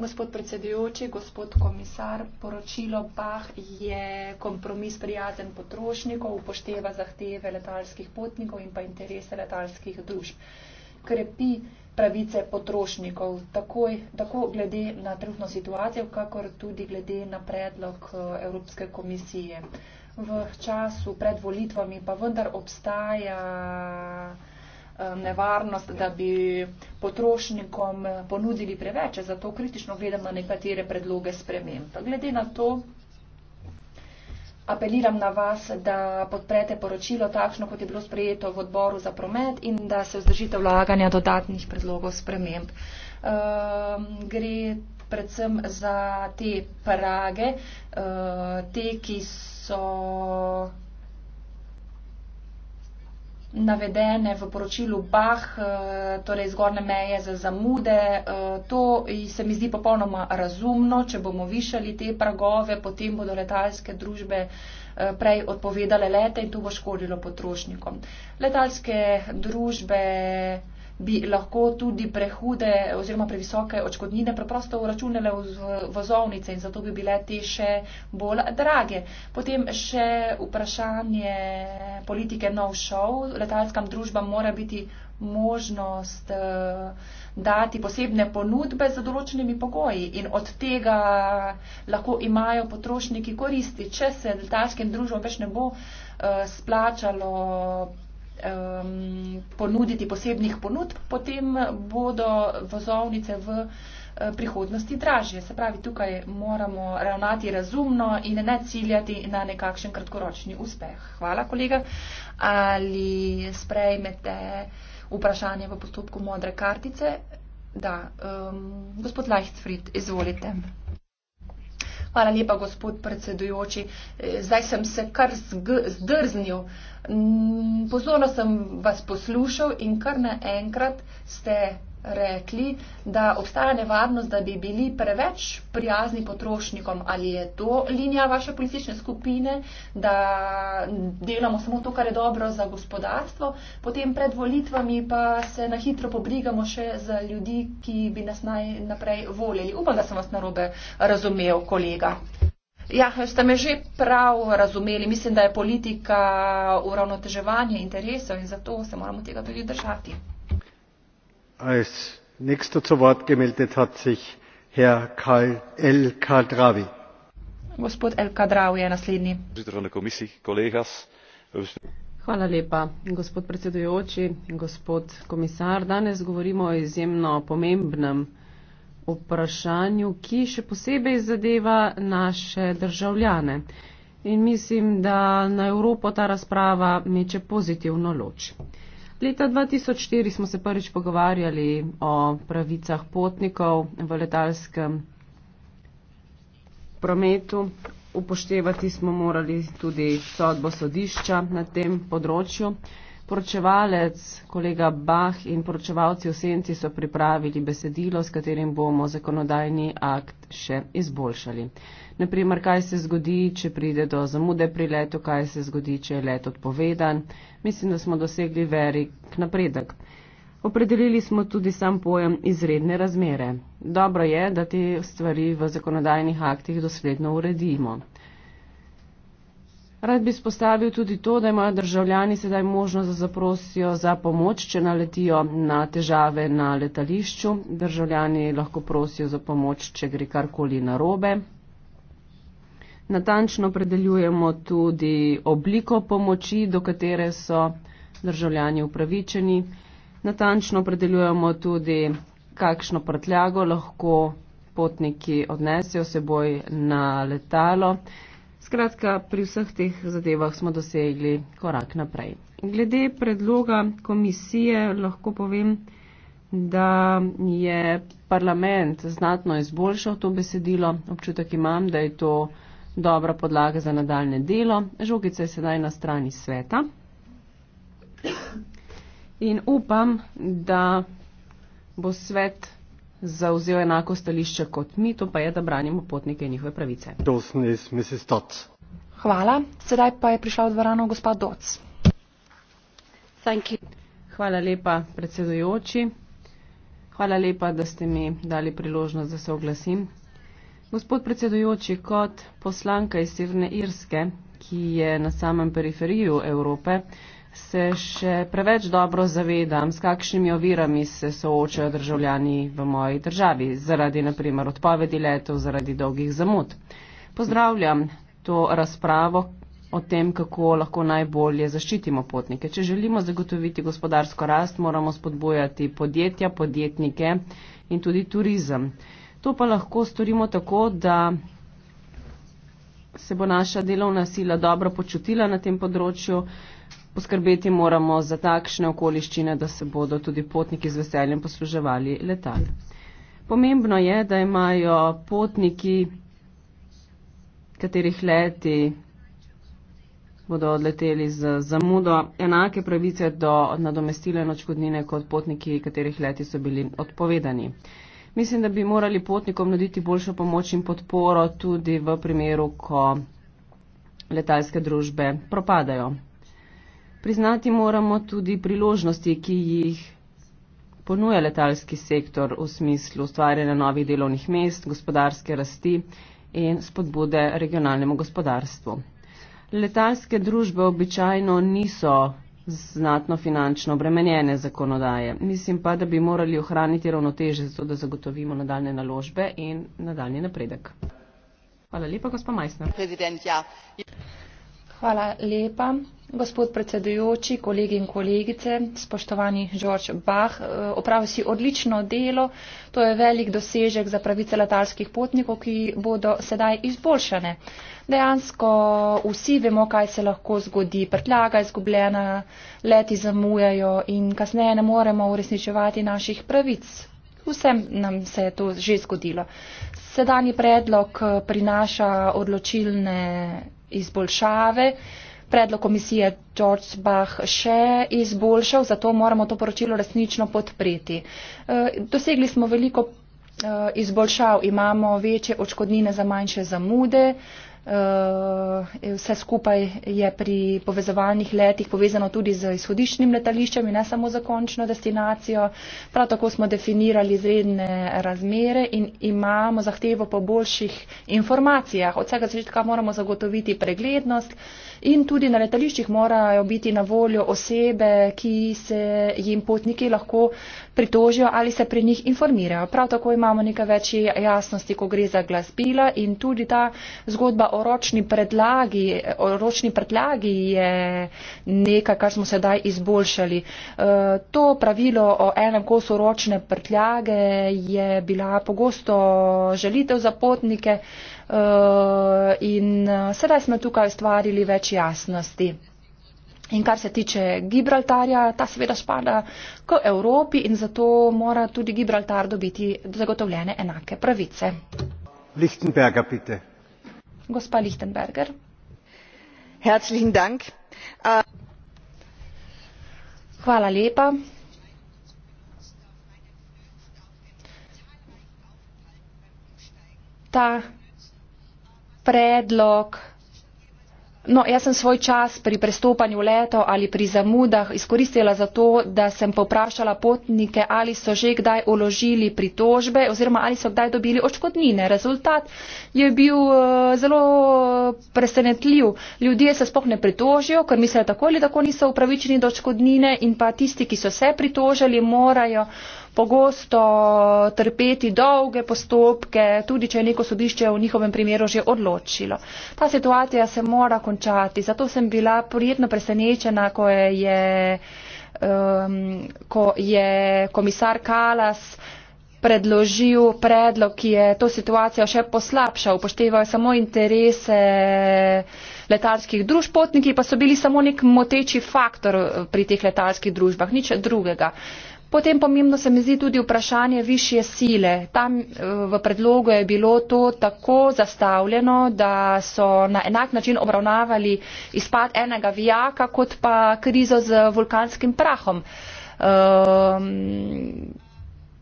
Gospod predsedujoči, gospod komisar, poročilo PAH je kompromis prijazen potrošnikov, upošteva zahteve letalskih potnikov in pa interese letalskih družb. Krepi pravice potrošnikov, takoj, tako glede na trenutno situacijo, kakor tudi glede na predlog eh, Evropske komisije v času pred volitvami, pa vendar obstaja eh, nevarnost, da bi potrošnikom ponudili preveč, zato kritično gledam na nekatere predloge sprememb. Glede na to apeliram na vas, da podprete poročilo takšno, kot je bilo sprejeto v odboru za promet in da se vzdržite vlaganja dodatnih predlogov sprememb. Uh, gre predvsem za te prage, eh, te, ki so navedene v poročilu BAH, eh, torej zgornje meje za zamude. Eh, to se mi zdi popolnoma razumno. Če bomo višali te pragove, potem bodo letalske družbe prej odpovedale lete in to bo škodilo potrošnikom. Letalske družbe bi lahko tudi prehude oziroma previsoke očkodnine preprosto uračunale v vozovnice in zato bi bile te še bolj drage. Potem še vprašanje politike nov šov. Letalskam družbam mora biti možnost eh, dati posebne ponudbe za določenimi pogoji in od tega lahko imajo potrošniki koristi, če se letalskim družbam več ne bo eh, splačalo um, ponuditi posebnih ponudb, potem bodo vozovnice v eh, prihodnosti dražje. Se pravi, tukaj moramo ravnati razumno in ne ciljati na nekakšen kratkoročni uspeh. Hvala, kolega. Ali sprejmete vprašanje v postopku modre kartice? Da, um, gospod Leichtfried, izvolite. Okay. Hvala lepa, gospod predsedujoči. E, zdaj sem se kar zdrznil. Pozorno sem vas poslušal in kar naenkrat ste rekli, da obstaja nevarnost, da bi bili preveč prijazni potrošnikom. Ali je to linija vaše politične skupine, da delamo samo to, kar je dobro za gospodarstvo, potem pred volitvami pa se na hitro pobrigamo še za ljudi, ki bi nas najprej volili. Upam, da sem vas narobe razumel, kolega. Ja, ste me že prav razumeli. Mislim, da je politika uravnoteževanje interesov in zato se moramo tega tudi držati gospod el khadraoui je naslednji. hvala lepa gospod predsedujoči gospod komisar danes govorimo o izjemno pomembnem vprašanju ki še posebej zadeva naše državljane in mislim da na evropo ta razprava meče pozitivno luč. Leta 2004 smo se prvič pogovarjali o pravicah potnikov v letalskem prometu. Upoštevati smo morali tudi sodbo sodišča na tem področju. Poročevalec, kolega Bah in poročevalci v senci so pripravili besedilo, s katerim bomo zakonodajni akt še izboljšali naprimer, kaj se zgodi, če pride do zamude pri letu, kaj se zgodi, če je let odpovedan. Mislim, da smo dosegli verik napredek. Opredelili smo tudi sam pojem izredne razmere. Dobro je, da te stvari v zakonodajnih aktih dosledno uredimo. Rad bi spostavil tudi to, da imajo državljani sedaj možnost, da zaprosijo za pomoč, če naletijo na težave na letališču. Državljani lahko prosijo za pomoč, če gre karkoli narobe natančno predeljujemo tudi obliko pomoči, do katere so državljani upravičeni, natančno predeljujemo tudi, kakšno prtljago lahko potniki odnesijo seboj na letalo. Skratka, pri vseh teh zadevah smo dosegli korak naprej. Glede predloga komisije lahko povem, da je parlament znatno izboljšal to besedilo. Občutek imam, da je to dobra podlaga za nadaljne delo. Žogica je sedaj na strani sveta. In upam, da bo svet zauzel enako stališče kot mi, to pa je, da branimo potnike in njihove pravice. Hvala. Sedaj pa je prišla v dvorano gospa Doc. Hvala lepa, predsedujoči. Hvala lepa, da ste mi dali priložnost, da se oglasim. Gospod predsedujoči, kot poslanka iz Severne Irske, ki je na samem periferiju Evrope, se še preveč dobro zavedam, s kakšnimi ovirami se soočajo državljani v moji državi, zaradi naprimer odpovedi letov, zaradi dolgih zamud. Pozdravljam to razpravo o tem, kako lahko najbolje zaščitimo potnike. Če želimo zagotoviti gospodarsko rast, moramo spodbujati podjetja, podjetnike in tudi turizem. To pa lahko storimo tako, da se bo naša delovna sila dobro počutila na tem področju. Poskrbeti moramo za takšne okoliščine, da se bodo tudi potniki z veseljem posluževali letal. Pomembno je, da imajo potniki, katerih leti bodo odleteli z zamudo, enake pravice do nadomestile nočkodnine kot potniki, katerih leti so bili odpovedani. Mislim, da bi morali potnikom nuditi boljšo pomoč in podporo tudi v primeru, ko letalske družbe propadajo. Priznati moramo tudi priložnosti, ki jih ponuja letalski sektor v smislu ustvarjanja novih delovnih mest, gospodarske rasti in spodbude regionalnemu gospodarstvu. Letalske družbe običajno niso znatno finančno obremenjene zakonodaje. Mislim pa, da bi morali ohraniti ravnoteže, zato da zagotovimo nadaljne naložbe in nadaljni napredek. Hvala lepa, gospod Majsner. Ja. Hvala lepa. Gospod predsedujoči, kolegi in kolegice, spoštovani George Bach, eh, opravil si odlično delo. To je velik dosežek za pravice letalskih potnikov, ki bodo sedaj izboljšane. Dejansko vsi vemo, kaj se lahko zgodi. Prtljaga je izgubljena, leti zamujajo in kasneje ne moremo uresničevati naših pravic. Vsem nam se je to že zgodilo. Sedanji predlog prinaša odločilne izboljšave predlog komisije George Bach še izboljšal, zato moramo to poročilo resnično podpreti. E, dosegli smo veliko e, izboljšav, imamo večje očkodnine za manjše zamude. E, vse skupaj je pri povezovalnih letih povezano tudi z izhodiščnim letališčem in ne samo za končno destinacijo. Prav tako smo definirali izredne razmere in imamo zahtevo po boljših informacijah. Od vsega začetka moramo zagotoviti preglednost, in tudi na letališčih morajo biti na voljo osebe, ki se jim potniki lahko pritožijo ali se pri njih informirajo. Prav tako imamo nekaj večje jasnosti, ko gre za glasbila in tudi ta zgodba o ročni predlagi, o ročni predlagi je nekaj, kar smo sedaj izboljšali. Eh, to pravilo o enem kosu ročne prtljage je bila pogosto žalitev za potnike. Eh, in eh, sedaj smo tukaj ustvarili več jasnosti. In kar se tiče Gibraltarja, ta seveda spada k Evropi in zato mora tudi Gibraltar dobiti zagotovljene enake pravice. Lichtenberger, bitte. Gospa Lichtenberger. Herzlichen Dank. Uh... Hvala lepa. Ta predlog. No, jaz sem svoj čas pri prestopanju leto ali pri zamudah izkoristila za to, da sem poprašala potnike, ali so že kdaj uložili pritožbe oziroma ali so kdaj dobili očkodnine. Rezultat je bil uh, zelo presenetljiv. Ljudje se spoh ne pritožijo, ker mislijo tako ali tako niso upravičeni do očkodnine in pa tisti, ki so se pritožili, morajo. Uh, pogosto trpeti dolge postopke, tudi če je neko sodišče v njihovem primeru že odločilo. Ta situacija se mora končati, zato sem bila prijetno presenečena, ko je, um, ko je komisar Kalas predložil predlog, ki je to situacijo še poslabšal, upoštevajo samo interese letalskih družb, potniki pa so bili samo nek moteči faktor pri teh letalskih družbah, nič drugega. Uh, Potem pomembno se mi zdi tudi vprašanje višje sile. Tam eh, v predlogu je bilo to tako zastavljeno, da so na enak način obravnavali izpad enega vijaka kot pa krizo z vulkanskim prahom. Um,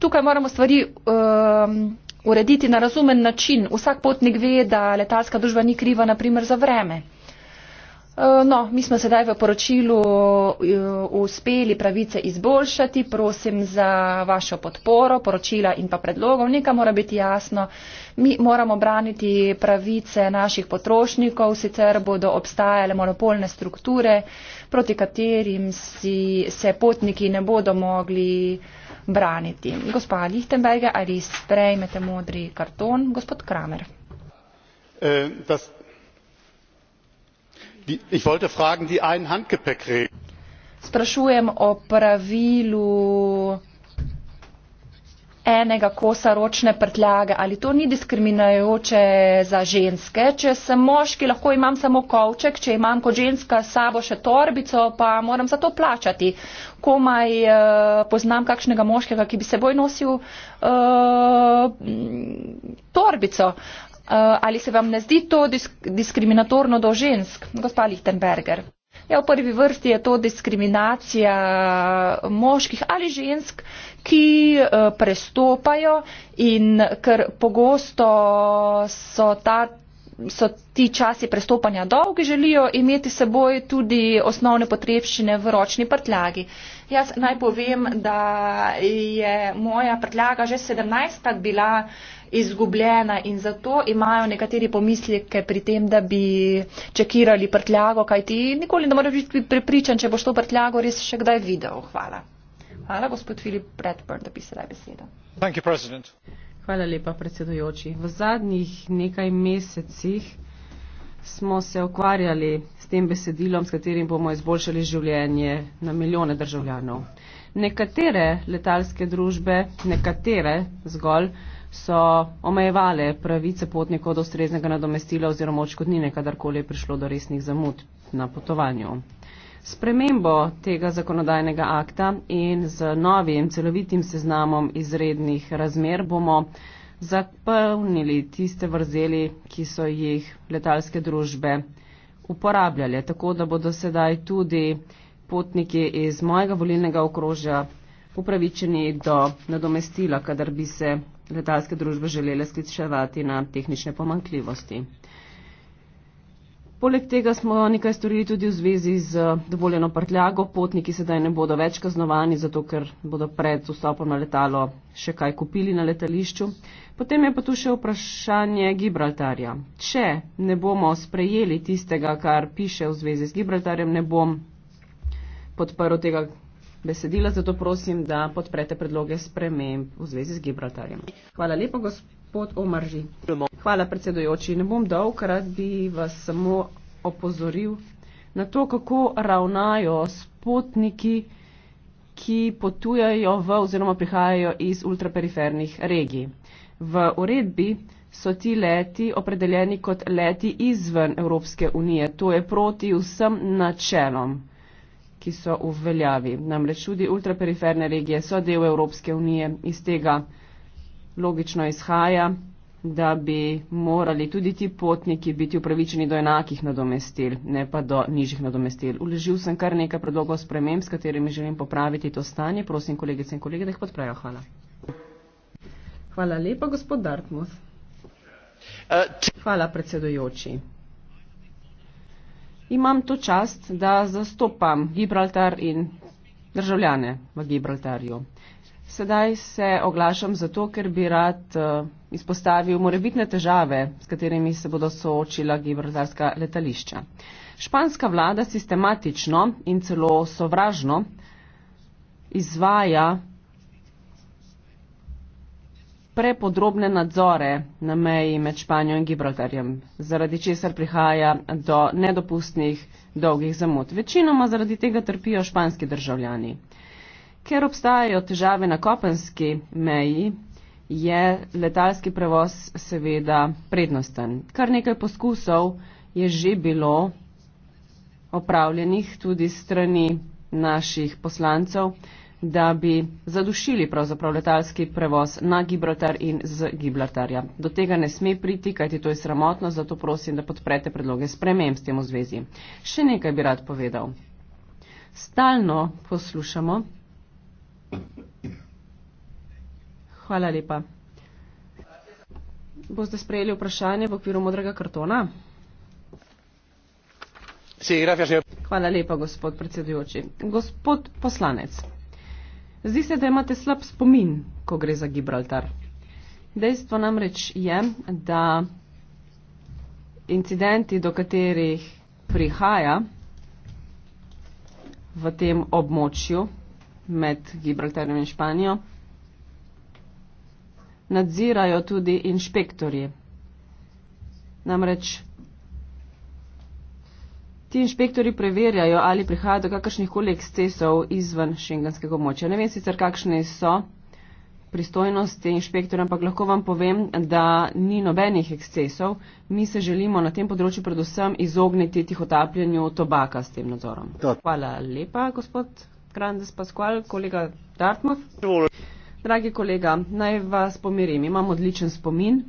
tukaj moramo stvari um, urediti na razumen način. Vsak potnik ve, da letalska družba ni kriva, naprimer, za vreme. Eh, no, mi smo sedaj v poročilu eh, uspeli pravice izboljšati. Prosim za vašo podporo, poročila in pa predlogov. Nekaj mora biti jasno. Mi moramo braniti pravice naših potrošnikov, sicer bodo obstajale monopolne strukture, proti katerim si, se potniki ne bodo mogli braniti. Gospa Lichtenberger, ali sprejmete modri karton? Gospod Kramer. Eh, das, ich wollte fragen die ein handgepäck regel sprašujem o pravilu enega kosa ročne prtljage ali to ni diskriminajoče za ženske če sem moški lahko imam samo kovček če imam kot ženska sabo še torbico pa moram za to plačati komaj eh, poznam kakšnega moškega ki bi seboj nosil eh, torbico eh, Eh, ali se vam ne zdi to diskriminatorno do žensk, gospa Lichtenberger? Ja, v prvi vrsti je to diskriminacija eh, moških ali žensk, ki eh, prestopajo in ker pogosto so, ta, so ti časi prestopanja dolgi, želijo imeti s seboj tudi osnovne potrebščine v ročni prtljagi. Jaz naj povem, da je moja prtljaga že 17-krat bila uh, izgubljena in zato imajo nekateri pomisleke pri tem, da bi čekirali prtljago, kaj ti nikoli ne moreš biti pripričan, če boš to prtljago res še kdaj videl. Hvala. Hvala, gospod Filip Bradburn, da bi sedaj besedo. Hvala lepa, predsedujoči. V zadnjih nekaj mesecih smo se ukvarjali s tem besedilom, s katerim bomo izboljšali življenje na milijone državljanov. Nekatere letalske družbe, nekatere zgolj, so omejevale pravice potnikov do ustreznega nadomestila oziroma očkodnine, kadarkoli je prišlo do resnih zamud na potovanju. Spremembo tega zakonodajnega akta in z novim celovitim seznamom izrednih razmer bomo zapolnili tiste vrzeli, ki so jih letalske družbe uporabljale, tako da bodo sedaj tudi potniki iz mojega volilnega okrožja upravičeni do nadomestila, kadar bi se letalske družbe želele skličevati na tehnične pomankljivosti. Poleg tega smo nekaj storili tudi v zvezi z dovoljeno prtljago. Potniki sedaj ne bodo več kaznovani, zato ker bodo pred vstopom na letalo še kaj kupili na letališču. Potem je pa tu še vprašanje Gibraltarja. Če ne bomo sprejeli tistega, kar piše v zvezi z Gibraltarjem, ne bom podprl tega besedila, zato prosim, da podprete predloge sprememb v zvezi z Gibraltarjem. Hvala lepo, gospod Omarži. Hvala, predsedojoči. Ne bom dal, krat bi vas samo opozoril na to, kako ravnajo spotniki, ki potujajo v oziroma prihajajo iz ultraperifernih regij. V uredbi so ti leti opredeljeni kot leti izven Evropske unije. To je proti vsem načelom ki so v veljavi. Namreč tudi ultraperiferne regije so del Evropske unije, iz tega logično izhaja, da bi morali tudi ti potniki biti upravičeni do enakih nadomestil, ne pa do nižjih nadomestil. Uležil sem kar nekaj predlogov sprememb, s katerimi želim popraviti to stanje. Prosim kolegice in kolege, da jih podprejo. Hvala. Hvala lepa, gospod Dartmouth. Uh, Hvala predsedujoči imam to čast, da zastopam Gibraltar in državljane v Gibraltarju. Sedaj se oglašam zato, ker bi rad eh, izpostavil morebitne težave, s katerimi se bodo soočila gibraltarska letališča. Španska vlada sistematično in celo sovražno izvaja prepodrobne nadzore na meji med Španijo in Gibraltarjem, zaradi česar prihaja do nedopustnih dolgih zamot. Večinoma zaradi tega trpijo španski državljani. Ker obstajajo težave na kopenski meji, je letalski prevoz seveda prednosten. Kar nekaj poskusov je že bilo opravljenih tudi strani naših poslancev, da bi zadušili pravzaprav letalski prevoz na Gibraltar in z Gibraltarja. Do tega ne sme priti, kajti to je sramotno, zato prosim, da podprete predloge sprememb s tem v zvezi. Še nekaj bi rad povedal. Stalno poslušamo. Hvala lepa. Boste sprejeli vprašanje v okviru modrega kartona? Hvala lepa, gospod predsedujoči. Gospod poslanec. Zdi se, da imate slab spomin, ko gre za Gibraltar. Dejstvo namreč je, da incidenti, do katerih prihaja v tem območju med Gibraltarjem in Španijo, nadzirajo tudi inšpektorji. Namreč ti inšpektori preverjajo, ali prihaja do kakršnih koli ekscesov izven šengenskega območja. Ne vem sicer, kakšne so pristojnosti inšpektorja, ampak lahko vam povem, da ni nobenih ekscesov. Mi se želimo na tem področju predvsem izogniti tihotapljenju tobaka s tem nadzorom. Hvala lepa, gospod Grandes Pasqual, kolega Dartmouth. Dragi kolega, naj vas pomirim, imam odličen spomin.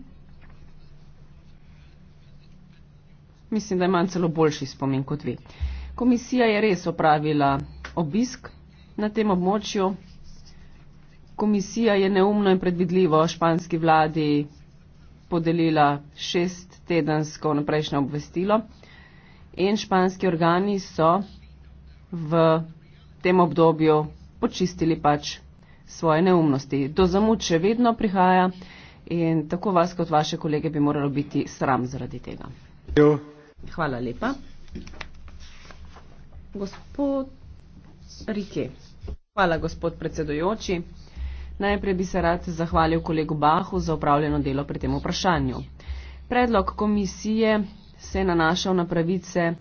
mislim, da imam celo boljši spomin kot vi. Komisija je res opravila obisk na tem območju. Komisija je neumno in predvidljivo španski vladi podelila šest tedensko naprejšnje obvestilo in španski organi so v tem obdobju počistili pač svoje neumnosti. Do zamud še vedno prihaja in tako vas kot vaše kolege bi moralo biti sram zaradi tega. Jo. Hvala lepa. Gospod Rike. Hvala, gospod predsedojoči. Najprej bi se rad zahvalil kolegu Bahu za upravljeno delo pri tem vprašanju. Predlog komisije se je nanašal na pravice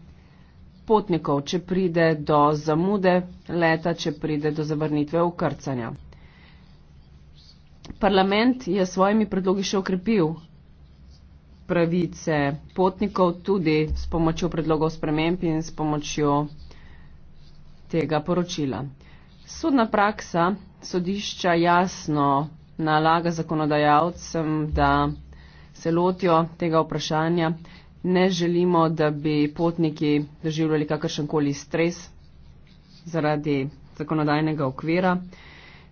potnikov, če pride do zamude leta, če pride do zavrnitve ukrcanja. Parlament je svojimi predlogi še okrepil pravice potnikov tudi s pomočjo predlogov sprememb in s pomočjo tega poročila. Sodna praksa sodišča jasno nalaga zakonodajalcem, da se lotijo tega vprašanja. Ne želimo, da bi potniki doživljali kakršenkoli stres zaradi zakonodajnega okvira.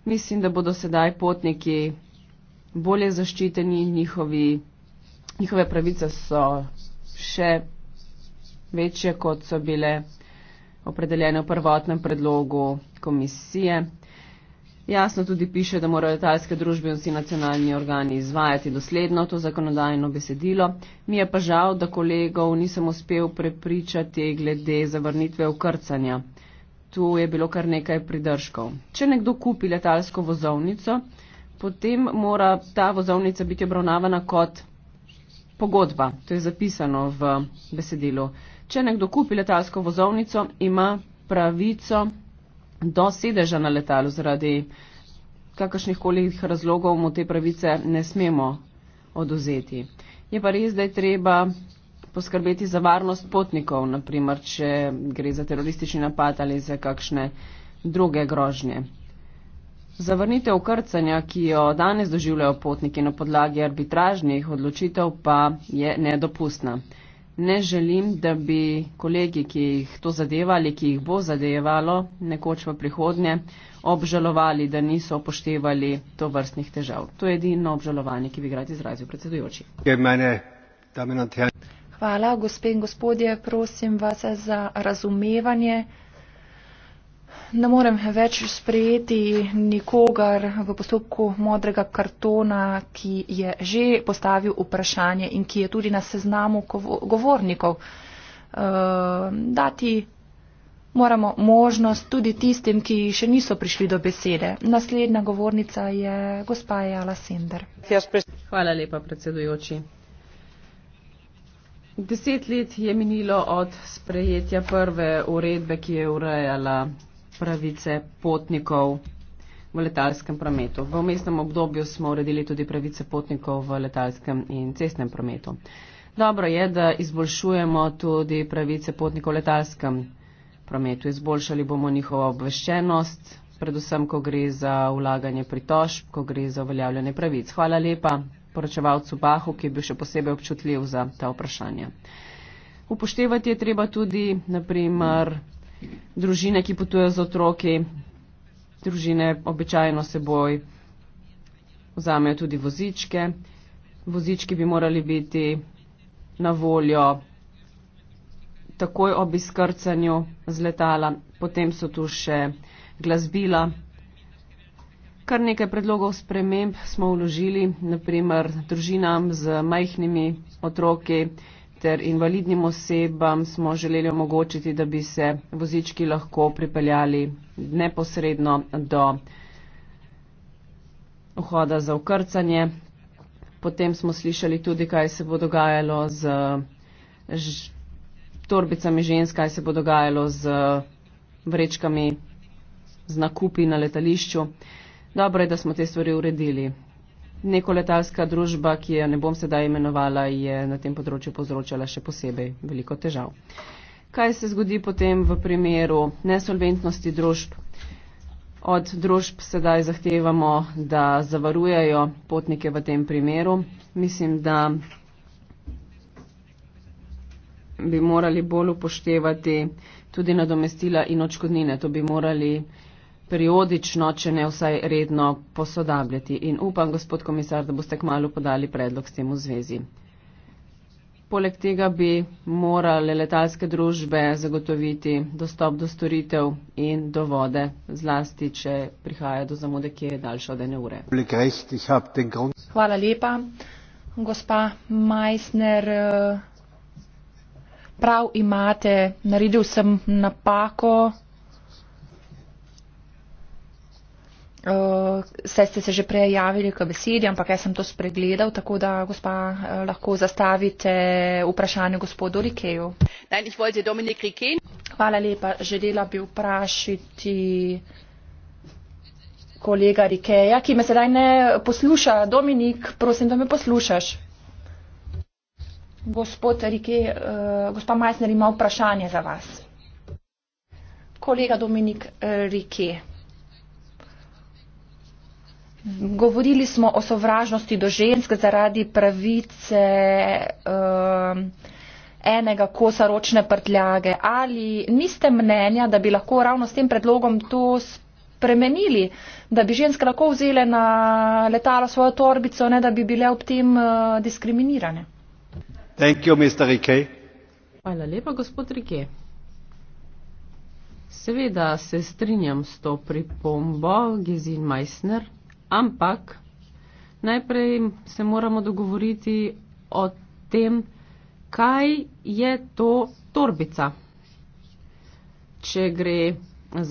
Mislim, da bodo sedaj potniki bolje zaščiteni njihovi njihove pravice so še večje, kot so bile opredeljene v prvotnem predlogu komisije. Jasno tudi piše, da morajo letalske družbe in vsi nacionalni organi izvajati dosledno to zakonodajno besedilo. Mi je pa žal, da kolegov nisem uspel prepričati glede zavrnitve ukrcanja. Tu je bilo kar nekaj pridržkov. Če nekdo kupi letalsko vozovnico, potem mora ta vozovnica biti obravnavana kot pogodba, to je zapisano v besedilu. Če nekdo kupi letalsko vozovnico, ima pravico do sedeža na letalu zaradi kakršnih kolikih razlogov mu te pravice ne smemo oduzeti. Je pa res, da je treba poskrbeti za varnost potnikov, naprimer, če gre za teroristični napad ali za kakšne druge grožnje. Zavrnitev krcanja, ki jo danes doživljajo potniki na podlagi arbitražnih odločitev, pa je nedopustna. Ne želim, da bi kolegi, ki jih to zadevali, ki jih bo zadevalo nekoč v prihodnje, obžalovali, da niso upoštevali to vrstnih težav. To je edino obžalovanje, ki bi ga rad izrazil predsedujoči. Hvala, gospe in gospodje, prosim vas za razumevanje ne morem več sprejeti nikogar v postopku modrega kartona, ki je že postavil vprašanje in ki je tudi na seznamu govornikov. Ehm, dati moramo možnost tudi tistim, ki še niso prišli do besede. Naslednja govornica je gospa Jala Sender. Hvala lepa, predsedujoči. Deset let je minilo od sprejetja prve uredbe, ki je urejala pravice potnikov v letalskem prometu. V omestnem obdobju smo uredili tudi pravice potnikov v letalskem in cestnem prometu. Dobro je, da izboljšujemo tudi pravice potnikov v letalskem prometu. Izboljšali bomo njihovo obveščenost, predvsem, ko gre za ulaganje pritožb, ko gre za uveljavljanje pravic. Hvala lepa poročevalcu Bahu, ki je bil še posebej občutljiv za ta vprašanja. Upoštevati je treba tudi, naprimer, hmm družine, ki potujejo z otroki, družine običajno seboj vzamejo tudi vozičke. Vozički bi morali biti na voljo takoj ob izkrcanju z letala, potem so tu še glasbila. Kar nekaj predlogov sprememb smo vložili, naprimer družinam z majhnimi otroki, ter invalidnim osebam smo želeli omogočiti, da bi se vozički lahko pripeljali neposredno do vhoda za ukrcanje. Potem smo slišali tudi, kaj se bo dogajalo z torbicami žensk, kaj se bo dogajalo z vrečkami z nakupi na letališču. Dobro je, da smo te stvari uredili. Neko letalska družba, ki jo ne bom sedaj imenovala, je na tem področju povzročala še posebej veliko težav. Kaj se zgodi potem v primeru nesolventnosti družb? Od družb sedaj zahtevamo, da zavarujajo potnike v tem primeru. Mislim, da bi morali bolj upoštevati tudi nadomestila in očkodnine. To bi morali periodično, če ne vsaj redno posodabljati. In upam, gospod komisar, da boste kmalo podali predlog s tem v zvezi. Poleg tega bi morale letalske družbe zagotoviti dostop do storitev in do vode, zlasti, če prihaja do zamude, ki je daljša od ene ure. Hvala lepa, gospa Majsner. Eh, prav imate, naredil sem napako. Saj ste se že prej javili k besedi, ampak jaz sem to spregledal, tako da gospa eh, lahko zastavite vprašanje gospodu Rikeju. Hvala lepa. Želela bi vprašati kolega Rikeja, ki me sedaj ne posluša. Dominik, prosim, da me poslušaš. Gospod Rike, eh, gospa Majsner ima vprašanje za vas. Kolega Dominik eh, Rike. Govorili smo o sovražnosti do ženske zaradi pravice uh, enega kosa ročne prtljage. Ali niste mnenja, da bi lahko ravno s tem predlogom to spremenili, da bi ženske lahko vzele na letalo svojo torbico, ne da bi bile ob tem uh, diskriminirane? You, Hvala lepa, gospod Rike. Seveda se strinjam s to pripombo, Gizin Meissner. Ampak najprej se moramo dogovoriti o tem, kaj je to torbica. Če gre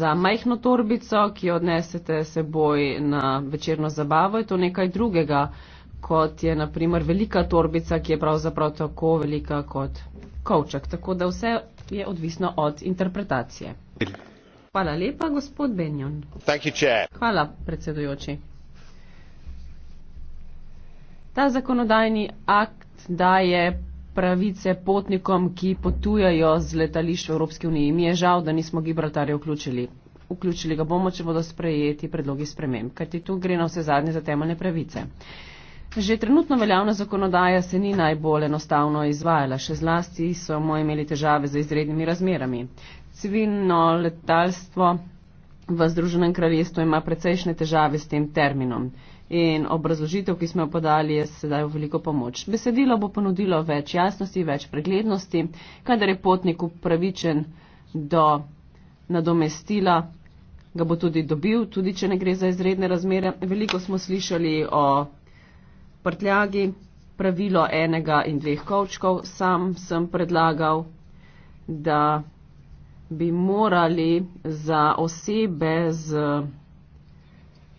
za majhno torbico, ki jo odnesete seboj na večerno zabavo, je to nekaj drugega, kot je naprimer velika torbica, ki je pravzaprav tako velika kot kovček. Tako da vse je odvisno od interpretacije. Hvala lepa, gospod Benjon. Hvala, predsedujoči. Ta zakonodajni akt daje pravice potnikom, ki potujajo z letališč v Evropski uniji. Mi je žal, da nismo Gibraltarja vključili. Vključili ga bomo, če bodo sprejeti predlogi sprememb, kajti tu gre na vse zadnje za temeljne pravice. Že trenutno veljavna zakonodaja se ni najbolj enostavno izvajala, še zlasti so mu imeli težave z izrednimi razmerami. Civilno letalstvo v Združenem kraljestvu ima precejšne težave s tem terminom in obrazložitev, ki smo jo podali, je sedaj v veliko pomoč. Besedilo bo ponudilo več jasnosti, več preglednosti, kadar je potnik upravičen do nadomestila, ga bo tudi dobil, tudi če ne gre za izredne razmere. Veliko smo slišali o prtljagi, pravilo enega in dveh kovčkov. Sam sem predlagal, da bi morali za osebe z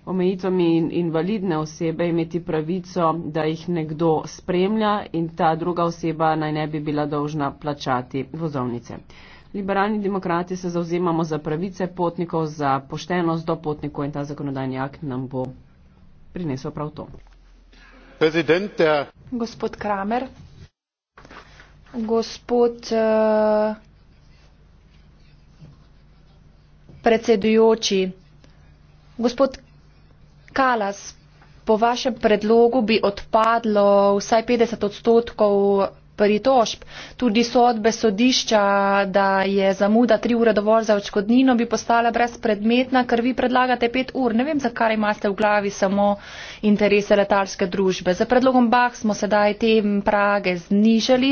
omejitvami invalidne osebe imeti pravico, da jih nekdo spremlja in ta druga oseba naj ne bi bila dolžna plačati vozovnice. Liberalni demokrati se zauzemamo za pravice potnikov, za poštenost do potnikov in ta zakonodajni akt nam bo prinesel prav to. Eh. Gospod Kramer. Gospod uh, predsedujoči. Gospod Kalas, po vašem predlogu bi odpadlo vsaj 50 odstotkov pritožb. Tudi sodbe sodišča, da je zamuda tri ure dovolj za očkodnino, bi postala brezpredmetna, ker vi predlagate pet ur. Ne vem, zakaj imate v glavi samo interese letalske družbe. Za predlogom Bah smo sedaj te prage znižali,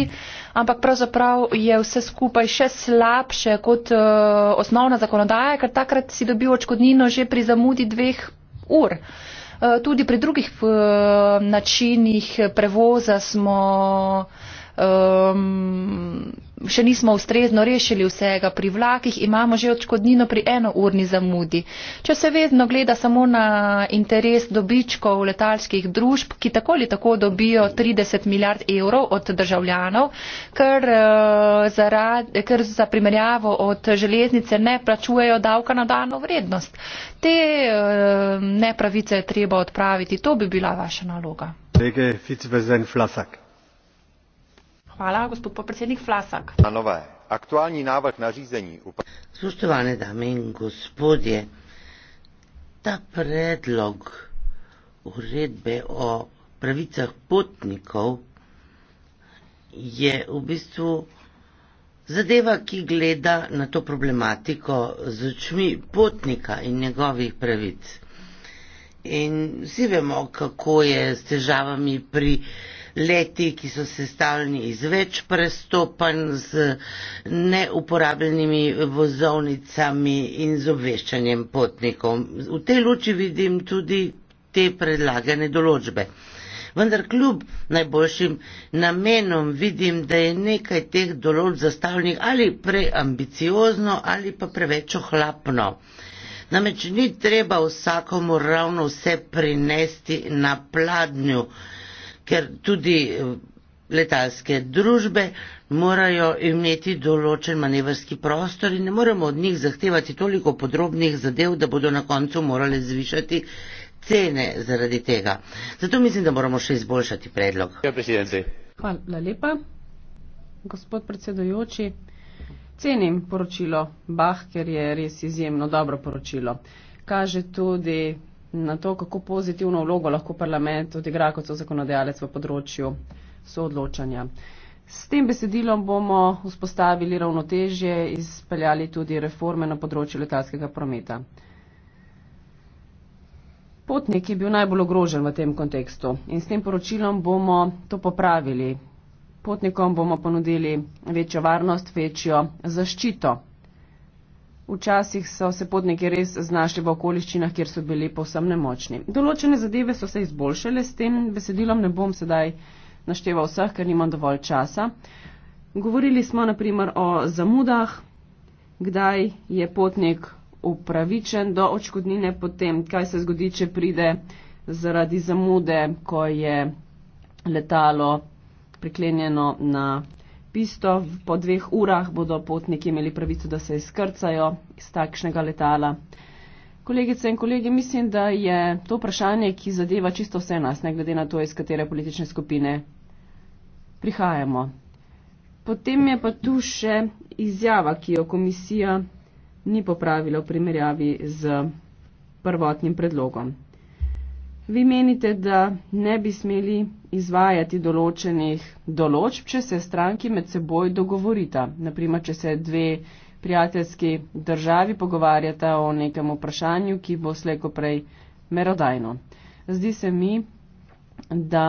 ampak pravzaprav je vse skupaj še slabše kot uh, osnovna zakonodaja, ker takrat si dobil očkodnino že pri zamudi dveh ur. Eh, tudi pri drugih eh, načinih prevoza smo um, še nismo ustrezno rešili vsega, pri vlakih imamo že odškodnino pri enourni zamudi. Če se vedno gleda samo na interes dobičkov letalskih družb, ki tako ali tako dobijo 30 milijard evrov od državljanov, ker, uh, eh, zarad, ker za primerjavo od železnice ne plačujejo davka na dano vrednost. Te uh, nepravice je treba odpraviti, to bi bila vaša naloga. Kolege Fitzbezen Flasak. Hvala, gospod podpredsednik Flasak. Aktualni navrh narizanji. Spoštovane dame in gospodje, ta predlog uredbe o pravicah potnikov je v bistvu zadeva, ki gleda na to problematiko z očmi potnika in njegovih pravic. In vsi vemo, kako je s težavami pri leti, ki so sestavljeni iz več prestopanj, z neuporabljenimi vozovnicami in z obveščanjem potnikov. V tej luči vidim tudi te predlagane določbe. Vendar kljub najboljšim namenom vidim, da je nekaj teh določb zastavljenih ali preambiciozno ali pa preveč ohlapno. Namreč ni treba vsakomu ravno vse prinesti na pladnju ker tudi eh, letalske družbe morajo imeti določen manevrski prostor in ne moremo od njih zahtevati toliko podrobnih zadev, da bodo na koncu morali zvišati cene zaradi tega. Zato mislim, da moramo še izboljšati predlog. Ja, Hvala lepa, gospod predsedujoči. Cenim poročilo Bah, ker je res izjemno dobro poročilo. Kaže tudi na to, kako pozitivno vlogo lahko parlament odigra kot so zakonodajalec v področju soodločanja. S tem besedilom bomo vzpostavili ravnotežje in speljali tudi reforme na področju letalskega prometa. Potnik je bil najbolj ogrožen v tem kontekstu in s tem poročilom bomo to popravili. Potnikom bomo ponudili večjo varnost, večjo zaščito. Včasih so se potniki res znašli v okoliščinah, kjer so bili povsem nemočni. Določene zadeve so se izboljšale s tem besedilom, ne bom sedaj našteval vseh, ker nimam dovolj časa. Govorili smo naprimer o zamudah, kdaj je potnik upravičen do očkodnine, potem kaj se zgodi, če pride zaradi zamude, ko je letalo priklenjeno na pisto, po dveh urah bodo potniki imeli pravico, da se izkrcajo iz takšnega letala. Kolegice in kolegi, mislim, da je to vprašanje, ki zadeva čisto vse nas, ne glede na to, iz katere politične skupine prihajamo. Potem je pa tu še izjava, ki jo komisija ni popravila v primerjavi z prvotnim predlogom. Vi menite, da ne bi smeli izvajati določenih določb, če se stranki med seboj dogovorita. Naprimer, če se dve prijateljski državi pogovarjata o nekem vprašanju, ki bo slejko prej merodajno. Zdi se mi, da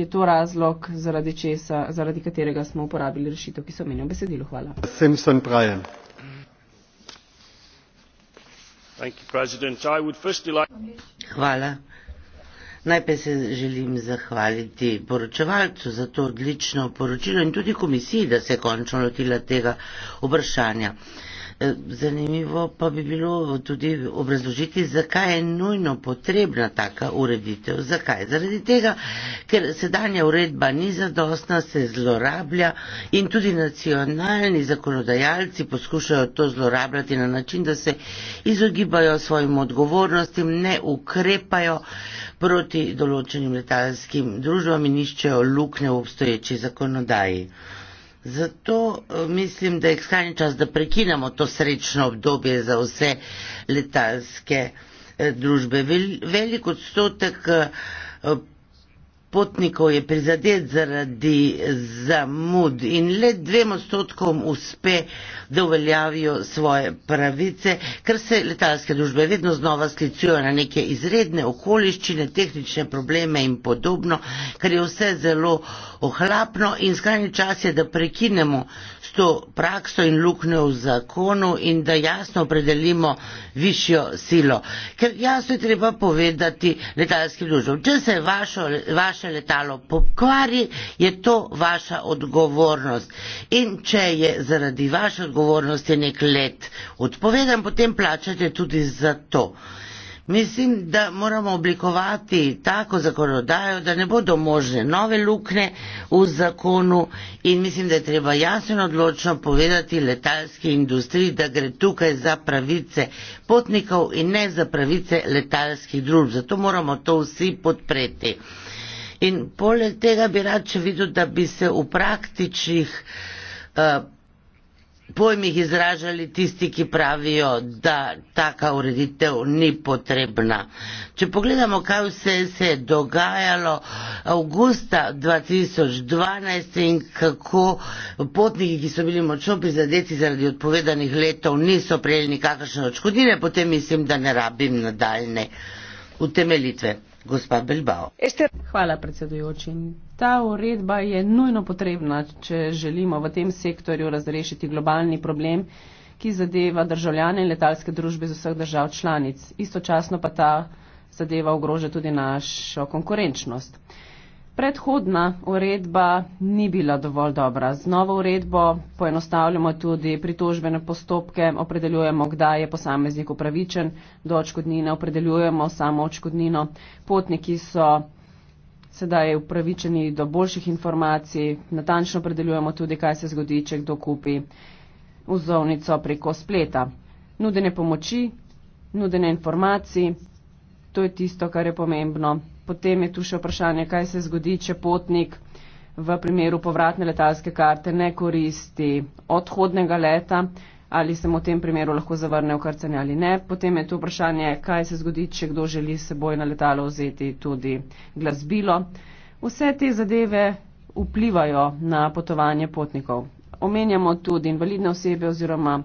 je to razlog, zaradi, česa, zaradi katerega smo uporabili rešitev, ki so menjo besedilo. Hvala. Simpson, Najprej se želim zahvaliti poročevalcu za to odlično poročilo in tudi komisiji, da se je končno lotila tega vprašanja. Uh, Eh, zanimivo pa bi bilo tudi obrazložiti, zakaj je nujno potrebna taka ureditev. Zakaj? Zaradi tega, ker sedanja uredba ni zadostna, se zlorablja in tudi nacionalni zakonodajalci poskušajo to zlorabljati na način, da se izogibajo svojim odgovornostim, ne ukrepajo proti določenim letalskim družbam in iščejo lukne v obstoječi zakonodaji. Zato eh, mislim, da je skrajni čas, da prekinemo to srečno obdobje za vse letalske eh, družbe. Velik odstotek eh, potnikov je prizadet zaradi zamud in le dvem odstotkom uspe, da uveljavijo svoje pravice, ker se letalske družbe vedno znova sklicujo na neke izredne okoliščine, tehnične probleme in podobno, kar je vse zelo ohlapno in skrajni čas je, da prekinemo s to prakso in luknjo v zakonu in da jasno opredelimo višjo silo. Ker jasno je treba povedati letalskim družbam, če se vašo, vaše letalo pokvari, je to vaša odgovornost. In če je zaradi vaše odgovornosti nek let odpovedan, potem plačate tudi za to. Mislim, da moramo oblikovati tako zakonodajo, da ne bodo možne nove lukne v zakonu in mislim, da je treba jasno in odločno povedati letalski industriji, da gre tukaj za pravice potnikov in ne za pravice letalskih družb. Zato moramo to vsi podpreti. In poleg tega bi rad še videl, da bi se v praktičnih uh, pojmih izražali tisti, ki pravijo, da taka ureditev ni potrebna. Če pogledamo, kaj vse se je dogajalo avgusta 2012 in kako potniki, ki so bili močno prizadeti zaradi odpovedanih letov, niso prejeli nikakršne očkodine, potem mislim, da ne rabim nadaljne utemelitve. Gospa Belbao. Hvala predsedujoči. Ta uredba je nujno potrebna, če želimo v tem sektorju razrešiti globalni problem, ki zadeva državljane in letalske družbe z vseh držav članic. Istočasno pa ta zadeva ogroža tudi našo konkurenčnost. Predhodna uredba ni bila dovolj dobra. Z novo uredbo poenostavljamo tudi pritožbene postopke, opredeljujemo, kdaj je posameznik upravičen do očkodnine, opredeljujemo samo očkodnino. Potniki so sedaj upravičeni do boljših informacij, natančno predeljujemo tudi, kaj se zgodi, če kdo kupi vzovnico preko spleta. Nudene pomoči, nudene informacij, to je tisto, kar je pomembno. Potem je tu še vprašanje, kaj se zgodi, če potnik v primeru povratne letalske karte ne koristi odhodnega leta, ali se mu v tem primeru lahko zavrne okrcanje ali ne. Potem je tu vprašanje, kaj se zgodi, če kdo želi seboj na letalo vzeti tudi glasbilo. Vse te zadeve vplivajo na potovanje potnikov. Omenjamo tudi invalidne osebe oziroma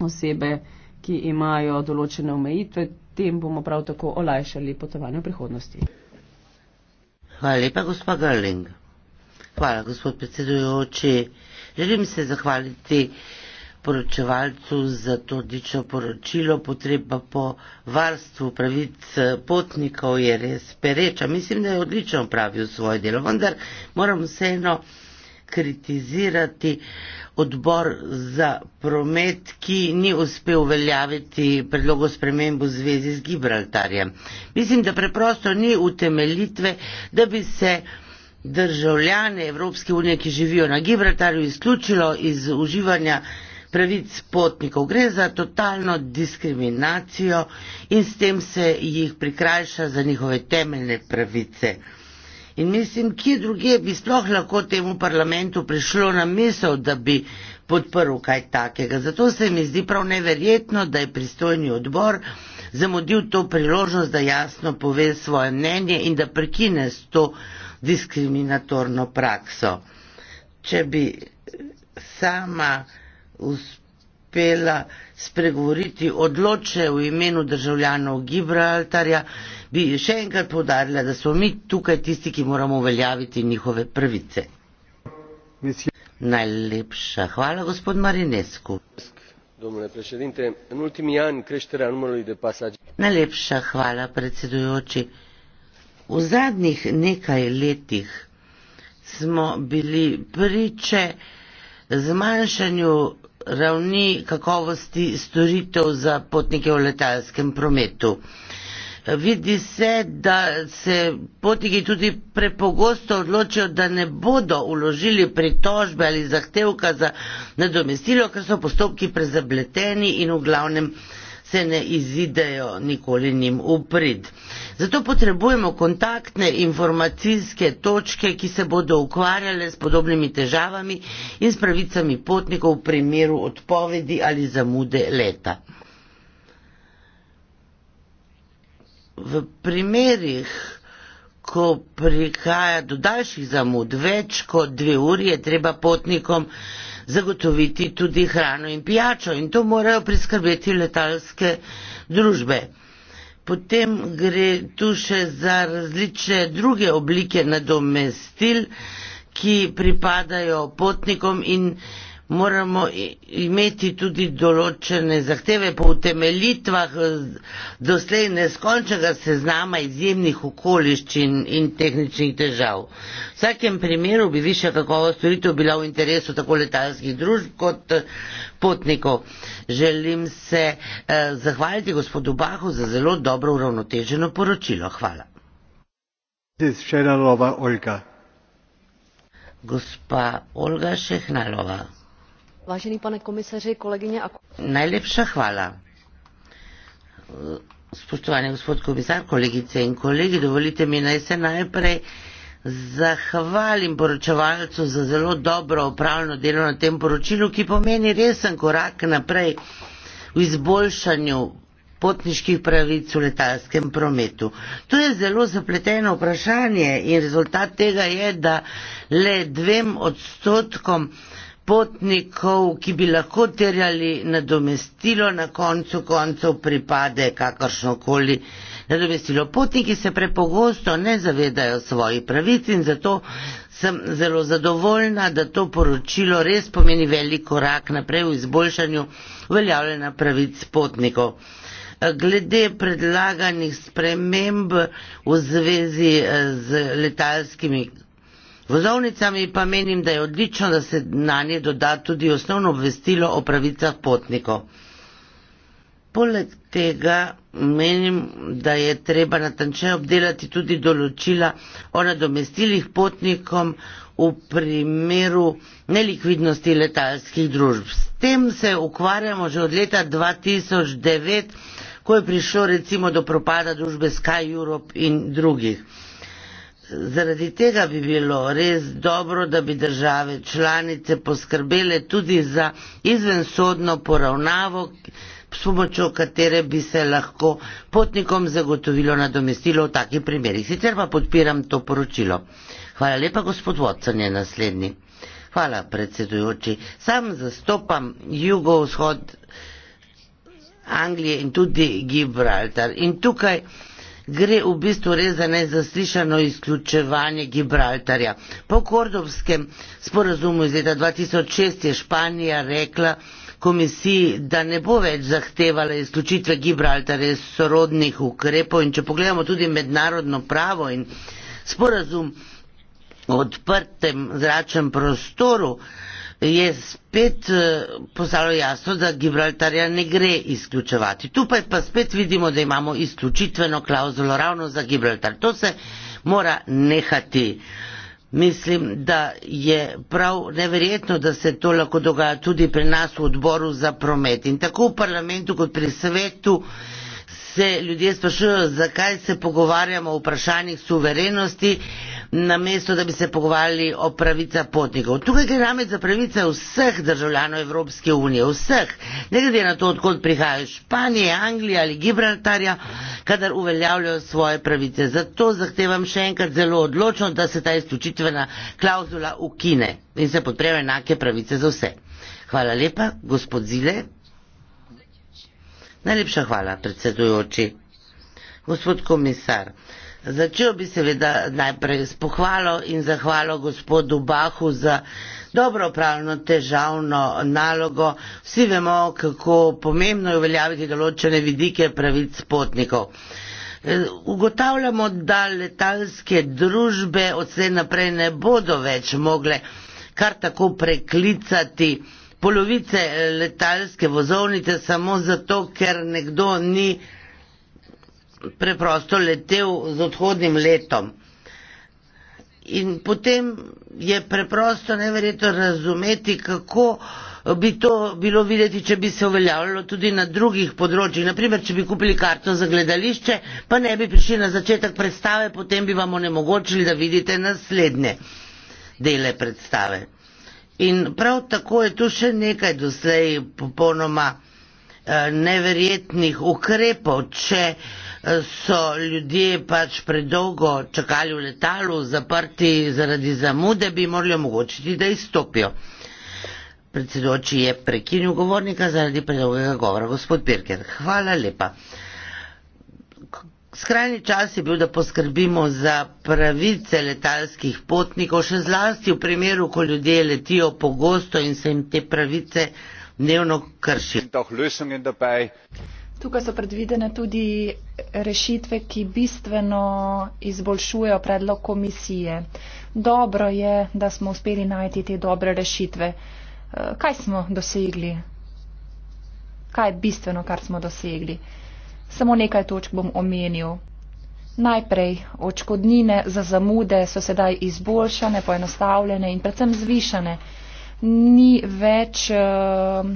osebe, ki imajo določene omejitve. Tem bomo prav tako olajšali potovanje v prihodnosti. Hvala lepa, gospa Garling. Hvala, gospod predsedujoči. Želim se zahvaliti poročevalcu za to dično poročilo, potreba po varstvu pravic eh, potnikov je res pereča. Mislim, da je odlično pravil svoje delo, vendar moram vseeno kritizirati odbor za promet, ki ni uspel uveljaviti predlogo spremembo v zvezi z Gibraltarjem. Mislim, da preprosto ni utemelitve, da bi se državljane Evropske unije, ki živijo na Gibraltarju, izključilo iz uživanja pravic potnikov. Gre za totalno diskriminacijo in s tem se jih prikrajša za njihove temeljne pravice. In mislim, kje druge bi sploh lahko temu parlamentu prišlo na misel, da bi podprl kaj takega. Zato se mi zdi prav neverjetno, da je pristojni odbor zamudil to priložnost, da jasno pove svoje mnenje in da prekine s to diskriminatorno prakso. Če bi sama uspela spregovoriti odločne v imenu državljanov Gibraltarja, bi še enkrat povdarila, da smo mi tukaj tisti, ki moramo uveljaviti njihove prvice. Najlepša hvala, gospod Marinesku. Najlepša hvala, predsedujoči. V zadnjih nekaj letih smo bili priče zmanjšanju ravni kakovosti storitev za potnike v letalskem prometu. Vidi se, da se potniki tudi prepogosto odločijo, da ne bodo uložili pritožbe ali zahtevka za nadomestilo, ker so postopki prezableteni in v glavnem se ne izidejo nikoli njim uprid. Zato potrebujemo kontaktne informacijske točke, ki se bodo ukvarjale s podobnimi težavami in s pravicami potnikov v primeru odpovedi ali zamude leta. V primerih, ko prihaja do daljših zamud, več kot dve uri je treba potnikom zagotoviti tudi hrano in pijačo in to morajo priskrbeti letalske družbe. Potem gre tu še za različne druge oblike nadomestil, ki pripadajo potnikom in moramo imeti tudi določene zahteve po utemeljitvah eh, doslej neskončnega seznama izjemnih okoliščin in tehničnih težav. V vsakem primeru bi višja kakovost storitev bila v interesu tako letalskih družb kot eh, potnikov. Želim se eh, zahvaliti gospodu Bahu za zelo dobro uravnoteženo poročilo. Hvala. Gospa Olga Šehnalova. Vážený pane komisaři, kolegyně a Najlepša hvala. Spoštovani gospod komisar, kolegice in kolegi, dovolite mi naj se najprej zahvalim poročevalcu za zelo dobro upravljeno delo na tem poročilu, ki pomeni resen korak naprej v izboljšanju potniških pravic v letalskem prometu. To je zelo zapleteno vprašanje in rezultat tega je, da le dvem odstotkom potnikov, ki bi lahko terjali nadomestilo, na koncu koncev pripade kakršnokoli nadomestilo. Potniki se prepogosto ne zavedajo svojih pravic in zato sem zelo zadovoljna, da to poročilo res pomeni velik korak naprej v izboljšanju uveljavljena pravic potnikov. Glede predlaganih sprememb v zvezi eh, z letalskimi Vozovnicami pa menim, da je odlično, da se na nje doda tudi osnovno obvestilo o pravicah potnikov. Poleg tega menim, da je treba natančaj obdelati tudi določila o nadomestilih potnikom v primeru nelikvidnosti letalskih družb. S tem se ukvarjamo že od leta 2009, ko je prišlo recimo do propada družbe Sky Europe in drugih. Zaradi tega bi bilo res dobro, da bi države članice poskrbele tudi za izvensodno poravnavo, s pomočjo katere bi se lahko potnikom zagotovilo nadomestilo v takih primerih. Sicer pa podpiram to poročilo. Hvala lepa, gospod Watson je naslednji. Hvala, predsedujoči. Sam zastopam jugovzhod Anglije in tudi Gibraltar. In tukaj gre v bistvu res za nezaslišano izključevanje Gibraltarja. Po kordovskem sporazumu iz leta 2006 je Španija rekla komisiji, da ne bo več zahtevala izključitve Gibraltarja iz sorodnih ukrepov in če pogledamo tudi mednarodno pravo in sporazum o odprtem zračnem prostoru, je spet uh, postalo jasno, da Gibraltarja ne gre izključevati. Tukaj pa spet vidimo, da imamo izključitveno klauzulo ravno za Gibraltar. To se mora nehati. Mislim, da je prav neverjetno, da se to lahko dogaja tudi pri nas v odboru za promet. In tako v parlamentu kot pri svetu se ljudje sprašujejo, zakaj se pogovarjamo o vprašanjih suverenosti namesto da bi se pogovarjali o pravicah potnikov. Tukaj gre namreč za pravice vseh državljanov Evropske unije, vseh, ne glede na to, odkot prihajajo Španije, Anglije ali Gibraltarja, kadar uveljavljajo svoje pravice. Zato zahtevam še enkrat zelo odločno, da se ta izključitvena klauzula ukine in se podprejo enake pravice za vse. Hvala lepa, gospod Zile. Najlepša hvala, predsedujoči. Gospod komisar. Začel bi seveda najprej s pohvalo in zahvalo gospodu Bahu za dobro upravljeno težavno nalogo. Vsi vemo, kako pomembno je uveljaviti določene vidike pravic potnikov. E, ugotavljamo, da letalske družbe od sedaj naprej ne bodo več mogle kar tako preklicati polovice letalske vozovnice samo zato, ker nekdo ni preprosto letel z odhodnim letom. In potem je preprosto neverjetno razumeti, kako bi to bilo videti, če bi se uveljavljalo tudi na drugih področjih. Naprimer, če bi kupili karto za gledališče, pa ne bi prišli na začetek predstave, potem bi vam onemogočili, da vidite naslednje dele predstave. In prav tako je tu še nekaj doslej popolnoma. Eh, neverjetnih ukrepov, če eh, so ljudje pač predolgo čakali v letalu, zaprti zaradi zamude, bi morali omogočiti, da izstopijo. Predsedoči je prekinil govornika zaradi predolgega govora. Gospod Birger, hvala lepa. Skrajni čas je bil, da poskrbimo za pravice letalskih potnikov, še zlasti v primeru, ko ljudje letijo pogosto in se jim te pravice dnevno kršijo. Tukaj so predvidene tudi rešitve, ki bistveno izboljšujejo predlog komisije. Dobro je, da smo uspeli najti te dobre rešitve. Eh, kaj smo dosegli? Kaj je bistveno, kar smo dosegli? Samo nekaj točk bom omenil. Najprej očkodnine za zamude so sedaj izboljšane, poenostavljene in predvsem zvišane ni več uh,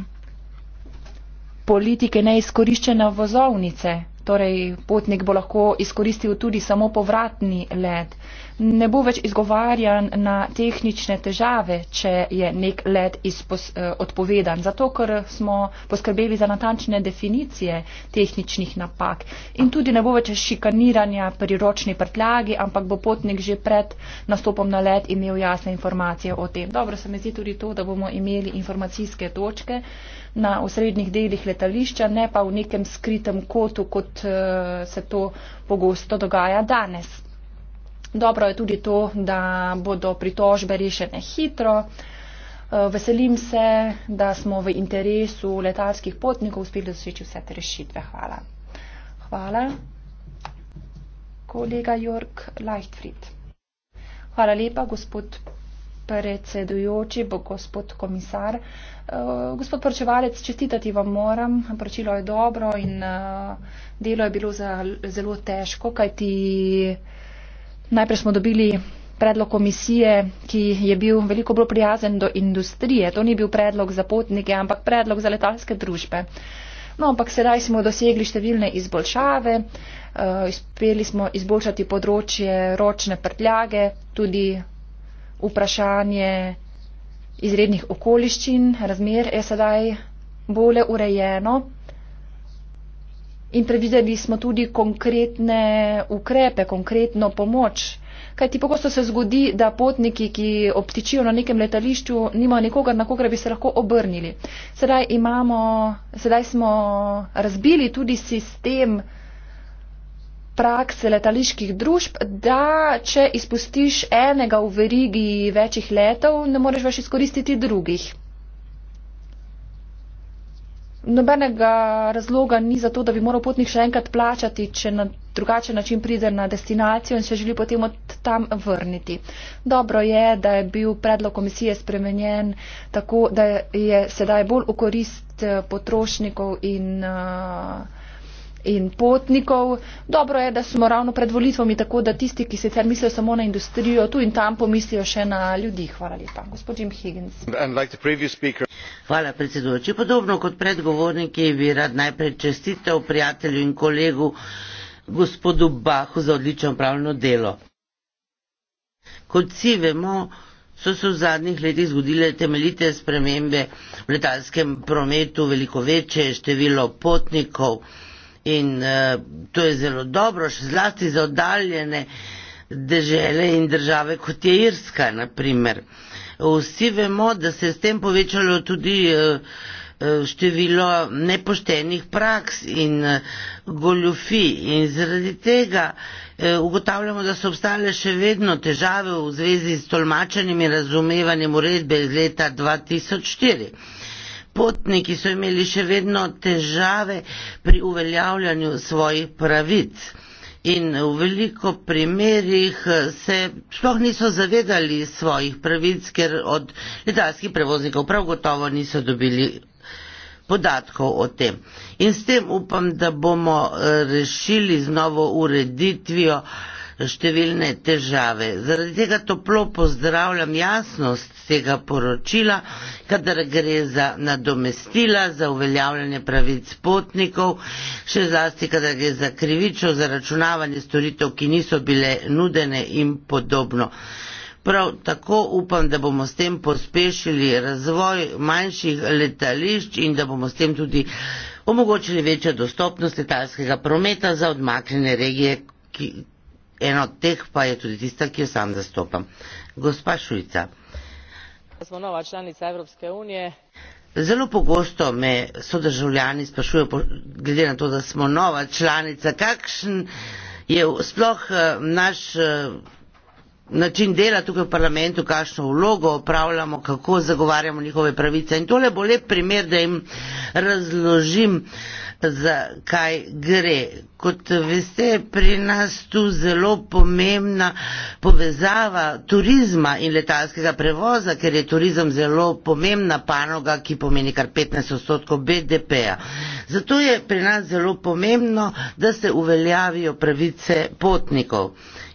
politike neizkoriščene vozovnice. Torej, potnik bo lahko izkoristil tudi samo povratni let. Uh, ne bo več izgovarjan na tehnične težave, če je nek let izpos, eh, odpovedan. Zato, ker smo poskrbeli za natančne definicije tehničnih napak. In tudi ne bo več šikaniranja pri ročni prtljagi, ampak bo potnik že pred nastopom na let imel jasne informacije o tem. Dobro se mi zdi tudi to, da bomo imeli informacijske točke na osrednjih delih letališča, ne pa v nekem skritem kotu, kot eh, se to pogosto dogaja danes. Dobro je tudi to, da bodo pritožbe rešene hitro. Eh, veselim se, da smo v interesu letalskih potnikov uspeli doseči vse te rešitve. Hvala. Hvala. Kolega Jörg Leichtfried. Hvala lepa, gospod predsedujoči, bo gospod komisar. Eh, gospod poročevalec, čestitati vam moram. Poročilo je dobro in eh, delo je bilo zelo težko, kajti. Najprej smo dobili predlog komisije, ki je bil veliko bolj prijazen do industrije. To ni bil predlog za potnike, ampak predlog za letalske družbe. No, ampak sedaj smo dosegli številne izboljšave, eh, uspeli smo izboljšati področje ročne prtljage, tudi vprašanje izrednih okoliščin, razmer je sedaj bolje urejeno. In predvideli smo tudi konkretne ukrepe, konkretno pomoč. Kaj ti pogosto se zgodi, da potniki, ki obtičijo na nekem letališču, nimajo nikogar, na koga bi se lahko obrnili. Sedaj, imamo, sedaj smo razbili tudi sistem prakse letaliških družb, da če izpustiš enega v verigi večjih letov, ne moreš več izkoristiti drugih nobenega razloga ni za to, da bi moral potnik še enkrat plačati, če na drugačen način pride na destinacijo in se želi potem od tam vrniti. Dobro je, da je bil predlog komisije spremenjen tako, da je sedaj bolj v korist eh, potrošnikov in uh, in potnikov. Dobro je, da smo ravno pred volitvami, tako da tisti, ki sicer mislijo samo na industrijo, tu in tam pomislijo še na ljudi. Hvala lepa. Gospod Jim Higgins. Hvala predsedujoči. Podobno kot predgovorniki bi rad najprej čestitev prijatelju in kolegu gospodu Bahu za odlično pravno delo. Kot vsi vemo, so se v zadnjih letih zgodile temeljite spremembe v letalskem prometu, veliko večje število potnikov in uh, to je zelo dobro, še zlasti za oddaljene dežele in države, kot je Irska, naprimer. Vsi vemo, da se je s tem povečalo tudi uh, število nepoštenih praks in uh, goljufi in zaradi tega uh, ugotavljamo, da so obstale še vedno težave v zvezi s tolmačenjem in razumevanjem uredbe iz leta 2004 potniki so imeli še vedno težave pri uveljavljanju svojih pravic. In v veliko primerjih eh, se sploh niso zavedali svojih pravic, ker od letalskih prevoznikov prav gotovo niso dobili podatkov o tem. In s tem upam, da bomo eh, rešili z novo ureditvijo številne težave. Zaradi tega toplo pozdravljam jasnost tega poročila, kadar gre za nadomestila, za uveljavljanje pravic potnikov, še zlasti kadar gre za krivičo, za računavanje storitev, ki niso bile nudene in podobno. Prav tako upam, da bomo s tem pospešili razvoj manjših letališč in da bomo s tem tudi omogočili večjo dostopnost letalskega prometa za odmaknjene regije, ki, ena od teh pa je tudi tista, ki jo sam zastopam. Gospa Šujica. Smo nova članica Evropske unije. Zelo pogosto me sodržavljani sprašujejo, glede na to, da smo nova članica, kakšen je sploh eh, naš eh, način dela tukaj v parlamentu, kakšno vlogo opravljamo, kako zagovarjamo njihove pravice. In tole bo lep primer, da jim razložim za kaj gre. Kot veste, pri nas tu zelo pomembna povezava turizma in letalskega prevoza, ker je turizem zelo pomembna panoga, ki pomeni kar 15 odstotkov BDP-ja. Zato je pri nas zelo pomembno, da se uveljavijo pravice potnikov.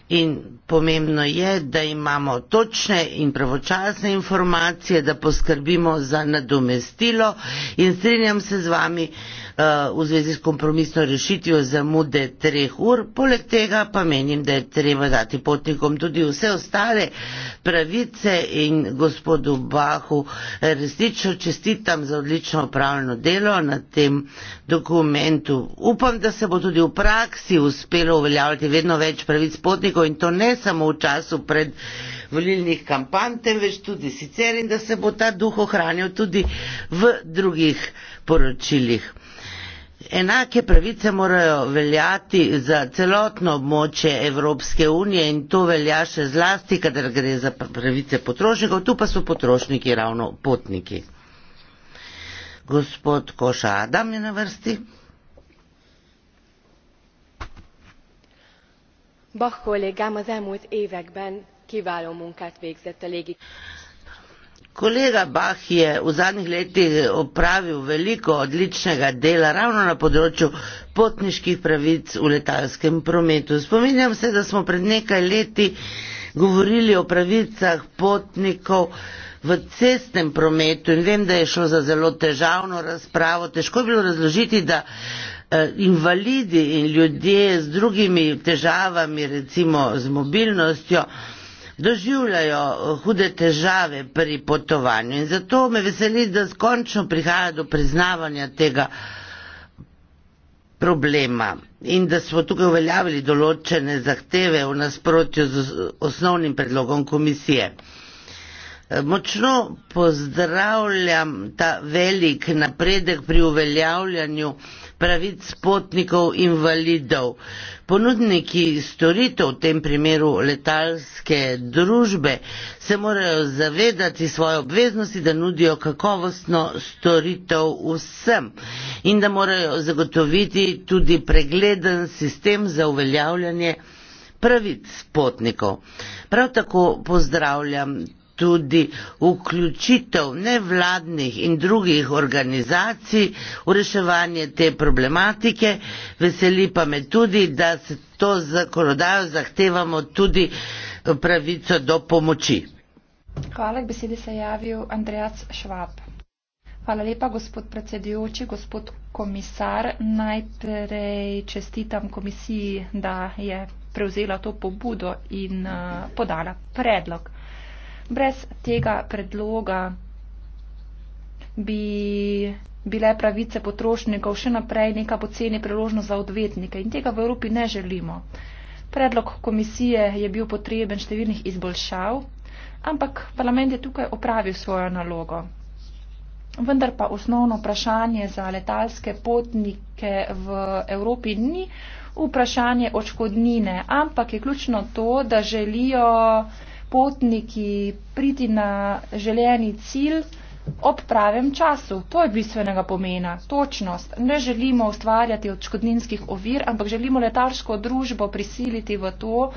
In pomembno je, da imamo točne in pravočasne informacije, da poskrbimo za nadomestilo in strinjam se z vami, v zvezi s kompromisno rešitvijo zamude treh ur. Poleg tega pa menim, da je treba dati potnikom tudi vse ostale pravice in gospodu Bahu resnično čestitam za odlično upravljeno delo na tem dokumentu. Upam, da se bo tudi v praksi uspelo uveljavljati vedno več pravic potnikov in to ne samo v času pred volilnih kampanj, temveč tudi sicer in da se bo ta duh ohranil tudi v drugih poročilih enake pravice morajo veljati za celotno območje Evropske unije in to velja še zlasti, kadar gre za pravice potrošnikov, tu pa so potrošniki ravno potniki. Gospod Koša Adam je na vrsti. Bah, kolega, ma zemlji od Evekben, ki valjo munkat vegzete legitimno. Kolega Bah je v zadnjih letih opravil veliko odličnega dela ravno na področju potniških pravic v letalskem prometu. Spominjam se, da smo pred nekaj leti govorili o pravicah potnikov v cestnem prometu in vem, da je šlo za zelo težavno razpravo. Težko je bilo razložiti, da eh, invalidi in ljudje z drugimi težavami, recimo z mobilnostjo, doživljajo eh, hude težave pri potovanju. In zato me veseli, da skončno prihaja do priznavanja tega problema in da smo tukaj uveljavili določene zahteve v nasprotju z osnovnim predlogom komisije. Eh, močno pozdravljam ta velik napredek pri uveljavljanju pravic potnikov invalidov. Ponudniki storitev, v tem primeru letalske družbe, se morajo zavedati svoje obveznosti, da nudijo kakovostno storitev vsem in da morajo zagotoviti tudi pregleden sistem za uveljavljanje pravic potnikov. Prav tako pozdravljam tudi vključitev nevladnih in drugih organizacij v reševanje te problematike. Veseli pa me tudi, da se to zakonodajo zahtevamo tudi pravico do pomoči. Hvala, k besedi se je javil Andrejac Švab. Hvala lepa, gospod predsedujoči, gospod komisar. Najprej čestitam komisiji, da je prevzela to pobudo in uh, podala predlog brez tega predloga bi bile pravice potrošnikov še naprej neka poceni priložnost za odvetnike in tega v Evropi ne želimo. Predlog komisije je bil potreben številnih izboljšav, ampak parlament je tukaj opravil svojo nalogo. Vendar pa osnovno vprašanje za letalske potnike v Evropi ni vprašanje očkodnine, ampak je ključno to, da želijo potniki priti na željeni cilj ob pravem času. To je bistvenega pomena. Točnost. Ne želimo ustvarjati odškodninskih ovir, ampak želimo letarsko družbo prisiliti v to,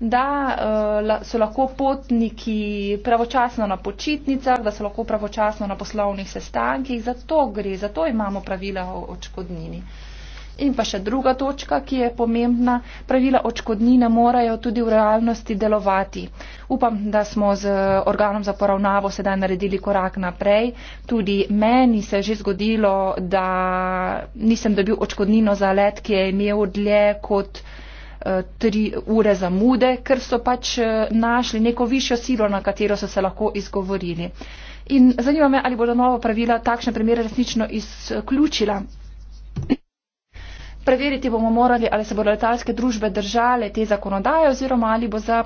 da eh, so lahko potniki pravočasno na počitnicah, da so lahko pravočasno na poslovnih sestankih. Zato gre, zato imamo pravila o odškodnini. In pa še druga točka, ki je pomembna, pravila očkodnine morajo tudi v realnosti delovati. Upam, da smo z organom za poravnavo sedaj naredili korak naprej. Tudi meni se je že zgodilo, da nisem dobil očkodnino za let, ki je imel dlje kot eh, tri ure zamude, ker so pač eh, našli neko višjo silo, na katero so se lahko izgovorili. In zanima me, ali bodo nova pravila takšne primere resnično izključila. Preveriti bomo morali, ali se bodo letalske družbe držale te zakonodaje oziroma ali bo za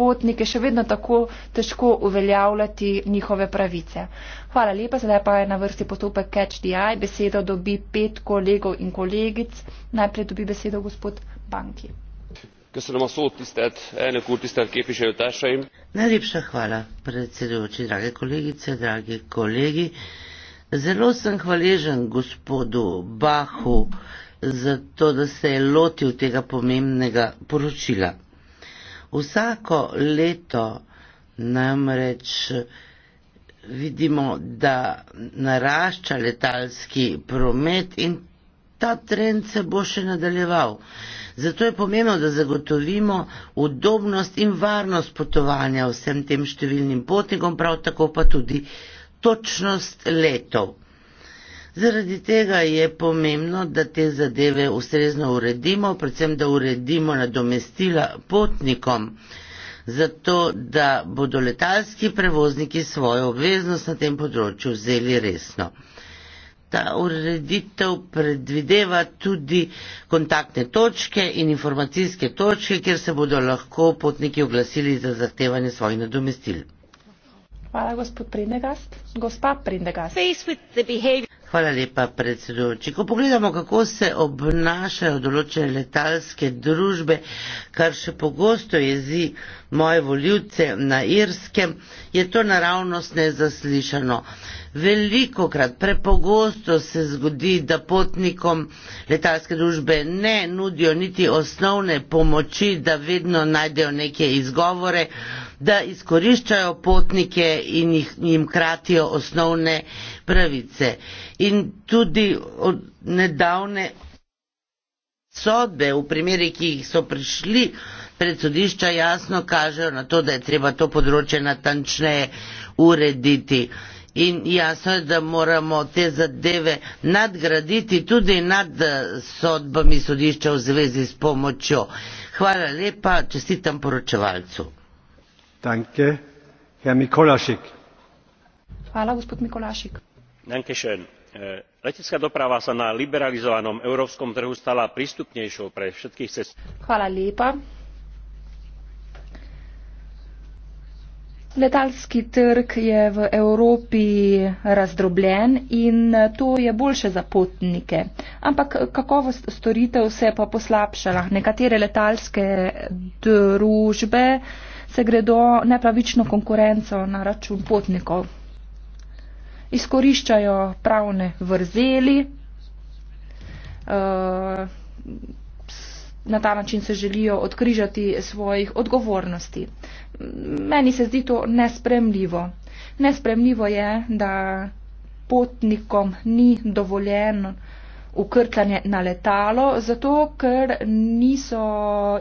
potnike še vedno tako težko uveljavljati njihove pravice. Hvala lepa, zdaj pa je na vrsti potopek Catch the Eye. Besedo dobi pet kolegov in kolegic. Najprej dobi besedo gospod Banki. Najlepša hvala, predsedujoči, drage kolegice, dragi kolegi. Zelo sem hvaležen gospodu Bahu. Mm -hmm za to, da se je lotil tega pomembnega poročila. Vsako leto namreč vidimo, da narašča letalski promet in ta trend se bo še nadaljeval. Zato je pomembno, da zagotovimo udobnost in varnost potovanja vsem tem številnim potnikom, prav tako pa tudi točnost letov. Zaradi tega je pomembno, da te zadeve ustrezno uredimo, predvsem da uredimo nadomestila potnikom, zato da bodo letalski prevozniki svojo obveznost na tem področju vzeli resno. Ta ureditev predvideva tudi kontaktne točke in informacijske točke, kjer se bodo lahko potniki oglasili za zahtevanje svojih nadomestil. Hvala, gospod Prindegast. Gospa Prindegast. Hvala lepa, predsedujoči. Ko pogledamo, kako se obnašajo določene letalske družbe, kar še pogosto jezi moje voljivce na Irskem, je to naravnost nezaslišano. Veliko krat, prepogosto se zgodi, da potnikom letalske družbe ne nudijo niti osnovne pomoči, da vedno najdejo neke izgovore, da izkoriščajo potnike in jih, jim kratijo osnovne pravice. In tudi od nedavne sodbe v primeri, ki jih so prišli pred sodišča, jasno kažejo na to, da je treba to področje natančneje urediti. In jasno je, da moramo te zadeve nadgraditi tudi nad sodbami sodišča v zvezi s pomočjo. Hvala lepa, čestitam poročevalcu. Äh, letecká doprava sa na liberalizovanom európskom trhu stala prístupnejšou pre všetkých cestujúcich. letalski trg je v evropi razdrobljen in to je boljše za potnike ampak kakovost storitev se je pa poslabšala nekatere letalske družbe se gredo nepravično konkurenco na račun potnikov. Izkoriščajo pravne vrzeli, eh, na ta način se želijo odkrižati svojih odgovornosti. Meni se zdi to nespremljivo. Nespremljivo je, da potnikom ni dovoljeno ukrtanje na letalo, zato ker niso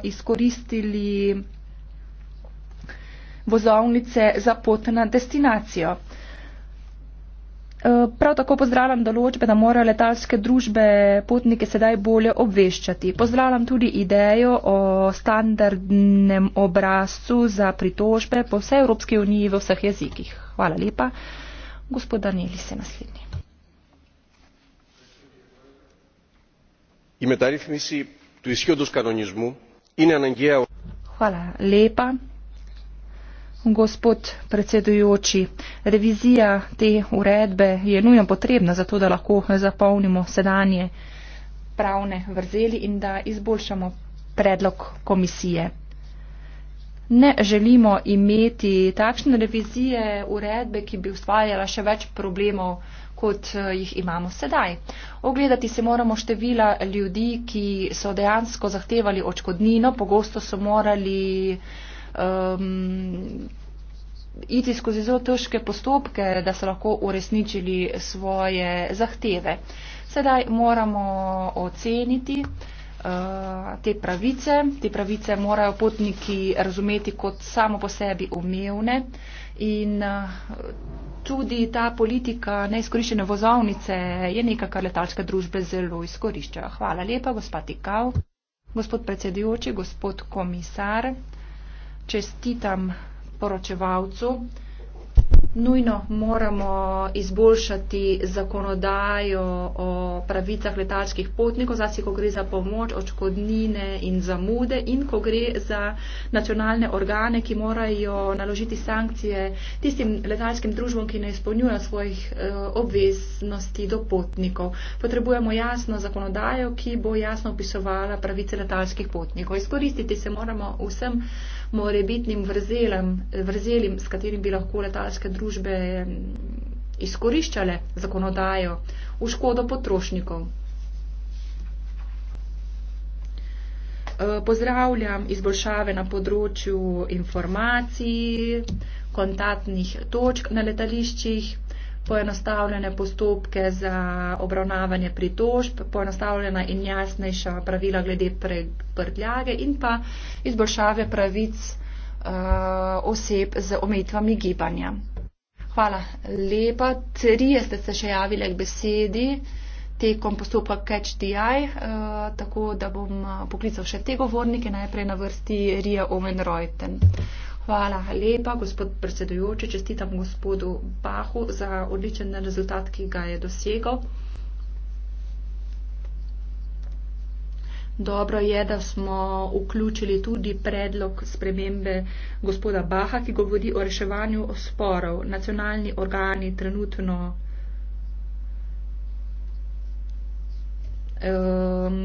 izkoristili vozovnice za pot na destinacijo. Eh, prav tako pozdravljam določbe, da morajo letalske družbe potnike sedaj bolje obveščati. Pozdravljam tudi idejo o standardnem obrazcu za pritožbe po vsej Evropski uniji v vseh jezikih. Hvala lepa. Gospod Danieli se naslednji. Hvala lepa. Gospod predsedujoči, revizija te uredbe je nujno potrebna za to, da lahko zapolnimo sedanje pravne vrzeli in da izboljšamo predlog komisije. Ne želimo imeti takšne revizije uredbe, ki bi ustvarjala še več problemov, kot eh, jih imamo sedaj. Ogledati se moramo števila ljudi, ki so dejansko zahtevali očkodnino, pogosto so morali uh, um, iti skozi zelo težke postopke, da so lahko uresničili svoje zahteve. Sedaj moramo oceniti uh, te pravice. Te pravice morajo potniki razumeti kot samo po sebi umevne. In uh, tudi ta politika neizkoriščene vozovnice je nekaj, kar letalske družbe zelo izkoriščajo. Hvala lepa, gospod Tikal, gospod predsedujoči, gospod komisar čestitam poročevalcu. Nujno moramo izboljšati zakonodajo o pravicah letalskih potnikov, zasi ko gre za pomoč, očkodnine in zamude in ko gre za nacionalne organe, ki morajo naložiti sankcije tistim letalskim družbam, ki ne izpolnjujejo svojih eh, obveznosti do potnikov. Potrebujemo jasno zakonodajo, ki bo jasno opisovala pravice letalskih potnikov. Izkoristiti se moramo vsem morebitnim vrzelem, vrzelim, s katerim bi lahko letalske družbe mm, izkoriščale zakonodajo v škodo potrošnikov. E, pozdravljam izboljšave na področju informacij, kontaktnih točk na letališčih poenostavljene postopke za obravnavanje pritožb, poenostavljena in jasnejša pravila glede prtljage in pa izboljšave pravic uh, oseb z omejitvami gibanja. Hvala lepa. Trije ste se še javili k besedi tekom postopka CatchDI, uh, eh, tako da bom eh, poklical še te govornike, najprej na vrsti Rija Owen Reuten. Hvala lepa, gospod predsedujoči. Čestitam gospodu Bahu za odličen rezultat, ki ga je dosegal. Dobro je, da smo vključili tudi predlog spremembe gospoda Baha, ki govori o reševanju sporov. Nacionalni organi trenutno um,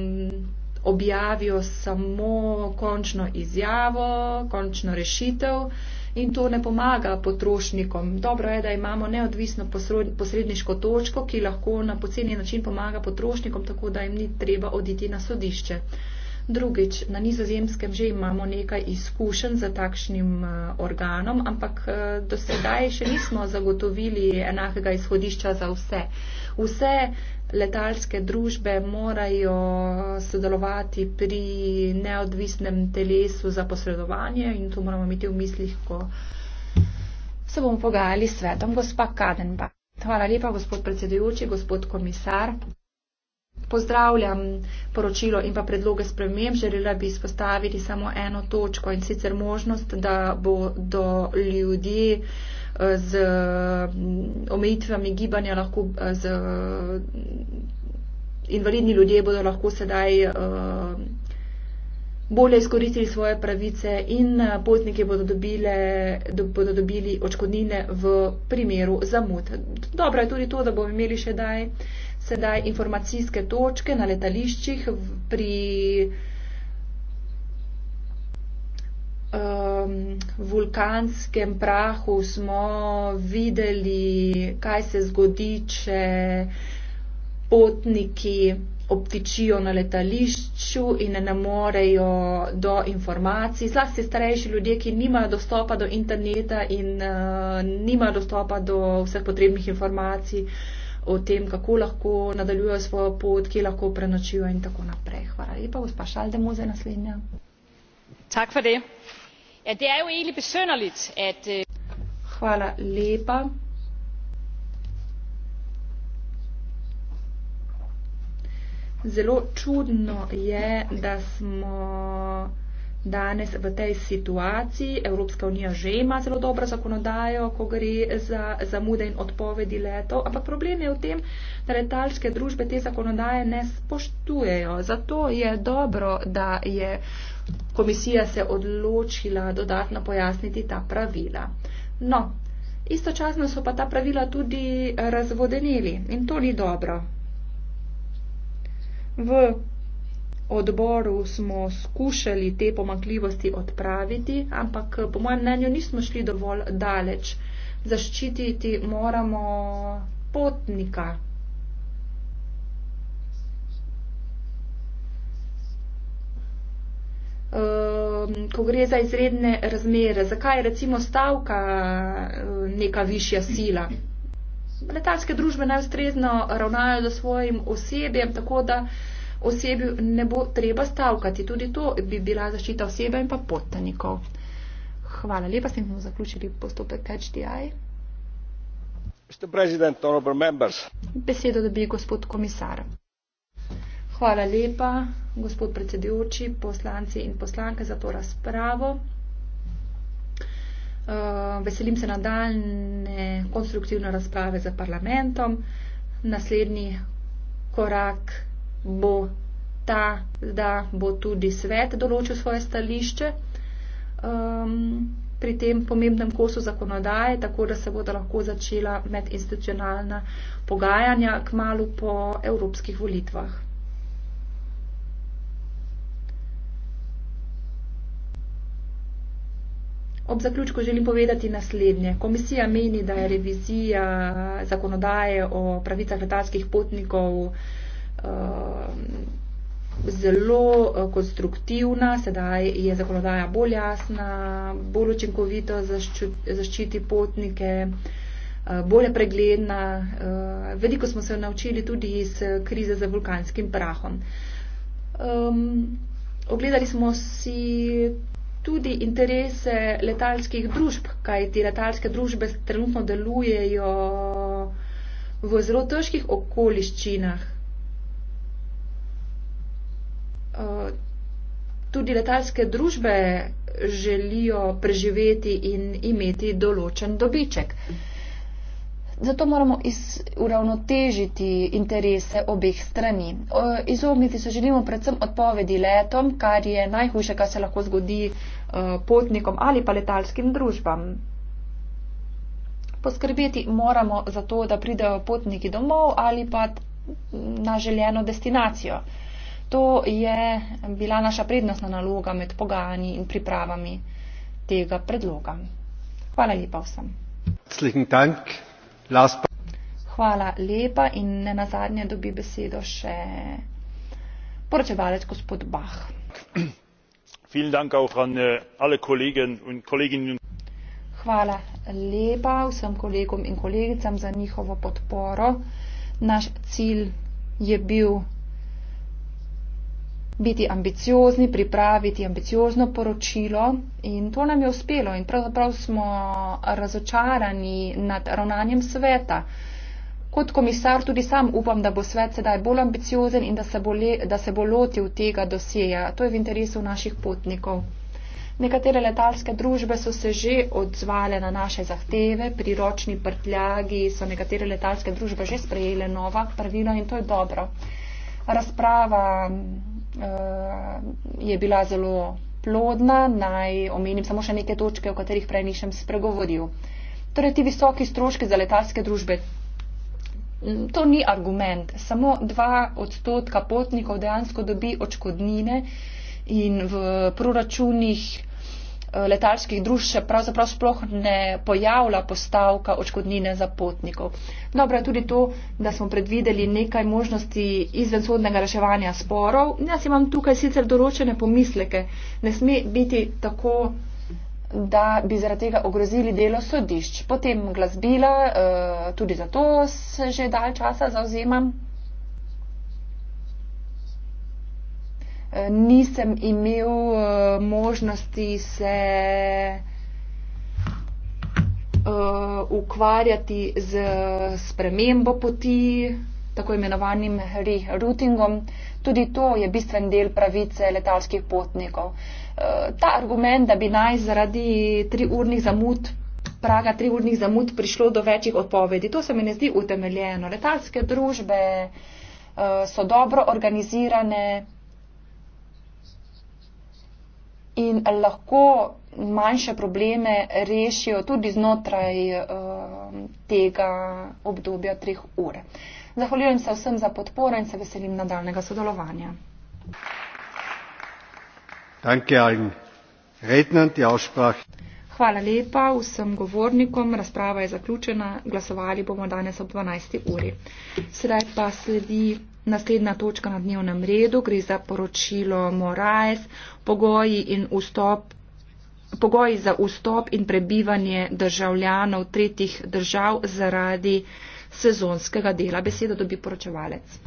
objavijo samo končno izjavo, končno rešitev in to ne pomaga potrošnikom. Dobro je, da imamo neodvisno posredniško točko, ki lahko na poceni način pomaga potrošnikom, tako da jim ni treba oditi na sodišče. Drugič, na nizozemskem že imamo nekaj izkušenj za takšnim eh, organom, ampak eh, do sedaj še nismo zagotovili enakega izhodišča za vse. Vse letalske družbe morajo eh, sodelovati pri neodvisnem telesu za posredovanje in to moramo imeti v mislih, ko se bomo pogajali s svetom, gospa Kadenba. Hvala lepa, gospod predsedujoči, gospod komisar pozdravljam poročilo in pa predloge spremem, želela bi izpostaviti samo eno točko in sicer možnost, da bo do ljudi eh, z mm, omejitvami gibanja lahko eh, z invalidni ljudje bodo lahko sedaj eh, bolje izkoristili svoje pravice in potniki bodo, dobile, bodo dobili očkodnine v primeru zamud. Dobro je tudi to, da bomo imeli še daj sedaj informacijske točke na letališčih pri um, vulkanskem prahu smo videli, kaj se zgodi, če potniki obtičijo na letališču in ne morejo do informacij. Zlasti starejši ljudje, ki nimajo dostopa do interneta in uh, nimajo dostopa do vseh potrebnih informacij. Uh, o tem, kako lahko nadaljujejo svojo pot, kje lahko prenočijo in tako naprej. Hvala lepa, gospa Šaldemo, za naslednja. Tak for det. Ja, det er jo egentlig besønderligt, at... Uh... Hvala lepa. Zelo čudno je, da smo danes v tej situaciji. Evropska unija že ima zelo dobro zakonodajo, ko gre za zamude in odpovedi letov, ampak problem je v tem, da letalske družbe te zakonodaje ne spoštujejo. Zato je dobro, da je komisija se odločila dodatno pojasniti ta pravila. No, istočasno so pa ta pravila tudi razvodenili in to ni dobro. V odboru smo skušali te pomakljivosti odpraviti, ampak po mojem mnenju nismo šli dovolj daleč. Zaščititi moramo potnika. Ehm, ko gre za izredne razmere, zakaj je recimo stavka eh, neka višja sila? Letalske družbe najustrezno ravnajo za svojim osebjem, tako da osebi ne bo treba stavkati. Tudi to bi bila zaščita osebe in pa potnikov. Hvala lepa, s tem smo zaključili postopek HDI. Besedo dobi gospod komisar. Hvala lepa, gospod predsedujoči, poslanci in poslanke za to razpravo. Eh, veselim se nadaljne konstruktivne razprave za parlamentom. Naslednji korak bo ta, da bo tudi svet določil svoje stališče um, pri tem pomembnem kosu zakonodaje, tako da se bodo lahko začela medinstitucionalna pogajanja k malu po evropskih volitvah. Ob zaključku želim povedati naslednje. Komisija meni, da je revizija zakonodaje o pravicah letalskih potnikov uh, Eh, zelo eh, konstruktivna, sedaj je zakonodaja bolj jasna, bolj učinkovito zaščiti potnike, eh, bolje pregledna. Veliko smo se naučili tudi iz krize za vulkanskim prahom. Um, ogledali smo si tudi interese letalskih družb, kaj ti letalske družbe trenutno delujejo v zelo težkih okoliščinah. Eh, tudi letalske družbe želijo preživeti in imeti določen dobiček. Zato moramo uravnotežiti interese obeh strani. Izogniti se želimo predvsem odpovedi letom, kar je najhujše, kar se lahko zgodi eh, potnikom ali pa letalskim družbam. Poskrbeti moramo za to, da pridejo potniki domov ali pa na željeno destinacijo. To je bila naša prednostna naloga med pogajanji in pripravami tega predloga. Hvala lepa vsem. Hvala lepa in ne nazadnje dobi besedo še poročevalec gospod Bach. [CLEARS THROAT] Äh, Hvala lepa vsem kolegom in kolegicam za njihovo podporo. Naš cilj je bil biti ambiciozni, pripraviti ambiciozno poročilo in to nam je uspelo in pravzaprav smo razočarani nad ravnanjem sveta. Kot komisar tudi sam upam, da bo svet sedaj bolj ambiciozen in da se bo, le, da se bo lotil tega dosjeja. To je v interesu naših potnikov. Nekatere letalske družbe so se že odzvale na naše zahteve, pri ročni prtljagi so nekatere letalske družbe že sprejele nova pravila in to je dobro. Razprava uh, je bila zelo plodna. Naj omenim samo še neke točke, o katerih prej nišem spregovoril. Torej, ti visoki stroški za letalske družbe. Mm, to ni argument. Samo dva odstotka potnikov dejansko dobi očkodnine in v proračunih. Eh, letalskih družb še pravzaprav sploh ne pojavlja postavka očkodnine za potnikov. Dobro je tudi to, da smo predvideli nekaj možnosti izven sodnega reševanja sporov. Jaz imam tukaj sicer določene pomisleke. Ne sme biti tako, da bi zaradi tega ogrozili delo sodišč. Potem glasbila, eh, tudi za to se že dalj časa zauzemam. nisem imel eh, možnosti se eh, ukvarjati z spremembo poti, tako imenovanim re-routingom. Tudi to je bistven del pravice letalskih potnikov. Eh, ta argument, da bi naj zaradi triurnih zamud praga triurnih zamud prišlo do večjih odpovedi, to se mi ne zdi utemeljeno. Letalske družbe so dobro organizirane, in lahko manjše probleme rešijo tudi znotraj uh, tega obdobja treh ure. Zahvaljujem se vsem za podporo in se veselim nadaljnega sodelovanja. Hvala lepa vsem govornikom. Razprava je zaključena. Glasovali bomo danes ob 12. uri. Sedaj pa sledi. Naslednja točka na dnevnem redu gre za poročilo Moraes, pogoji in vstop. Pogoji za vstop in prebivanje državljanov tretjih držav zaradi sezonskega dela. Besedo dobi poročevalec.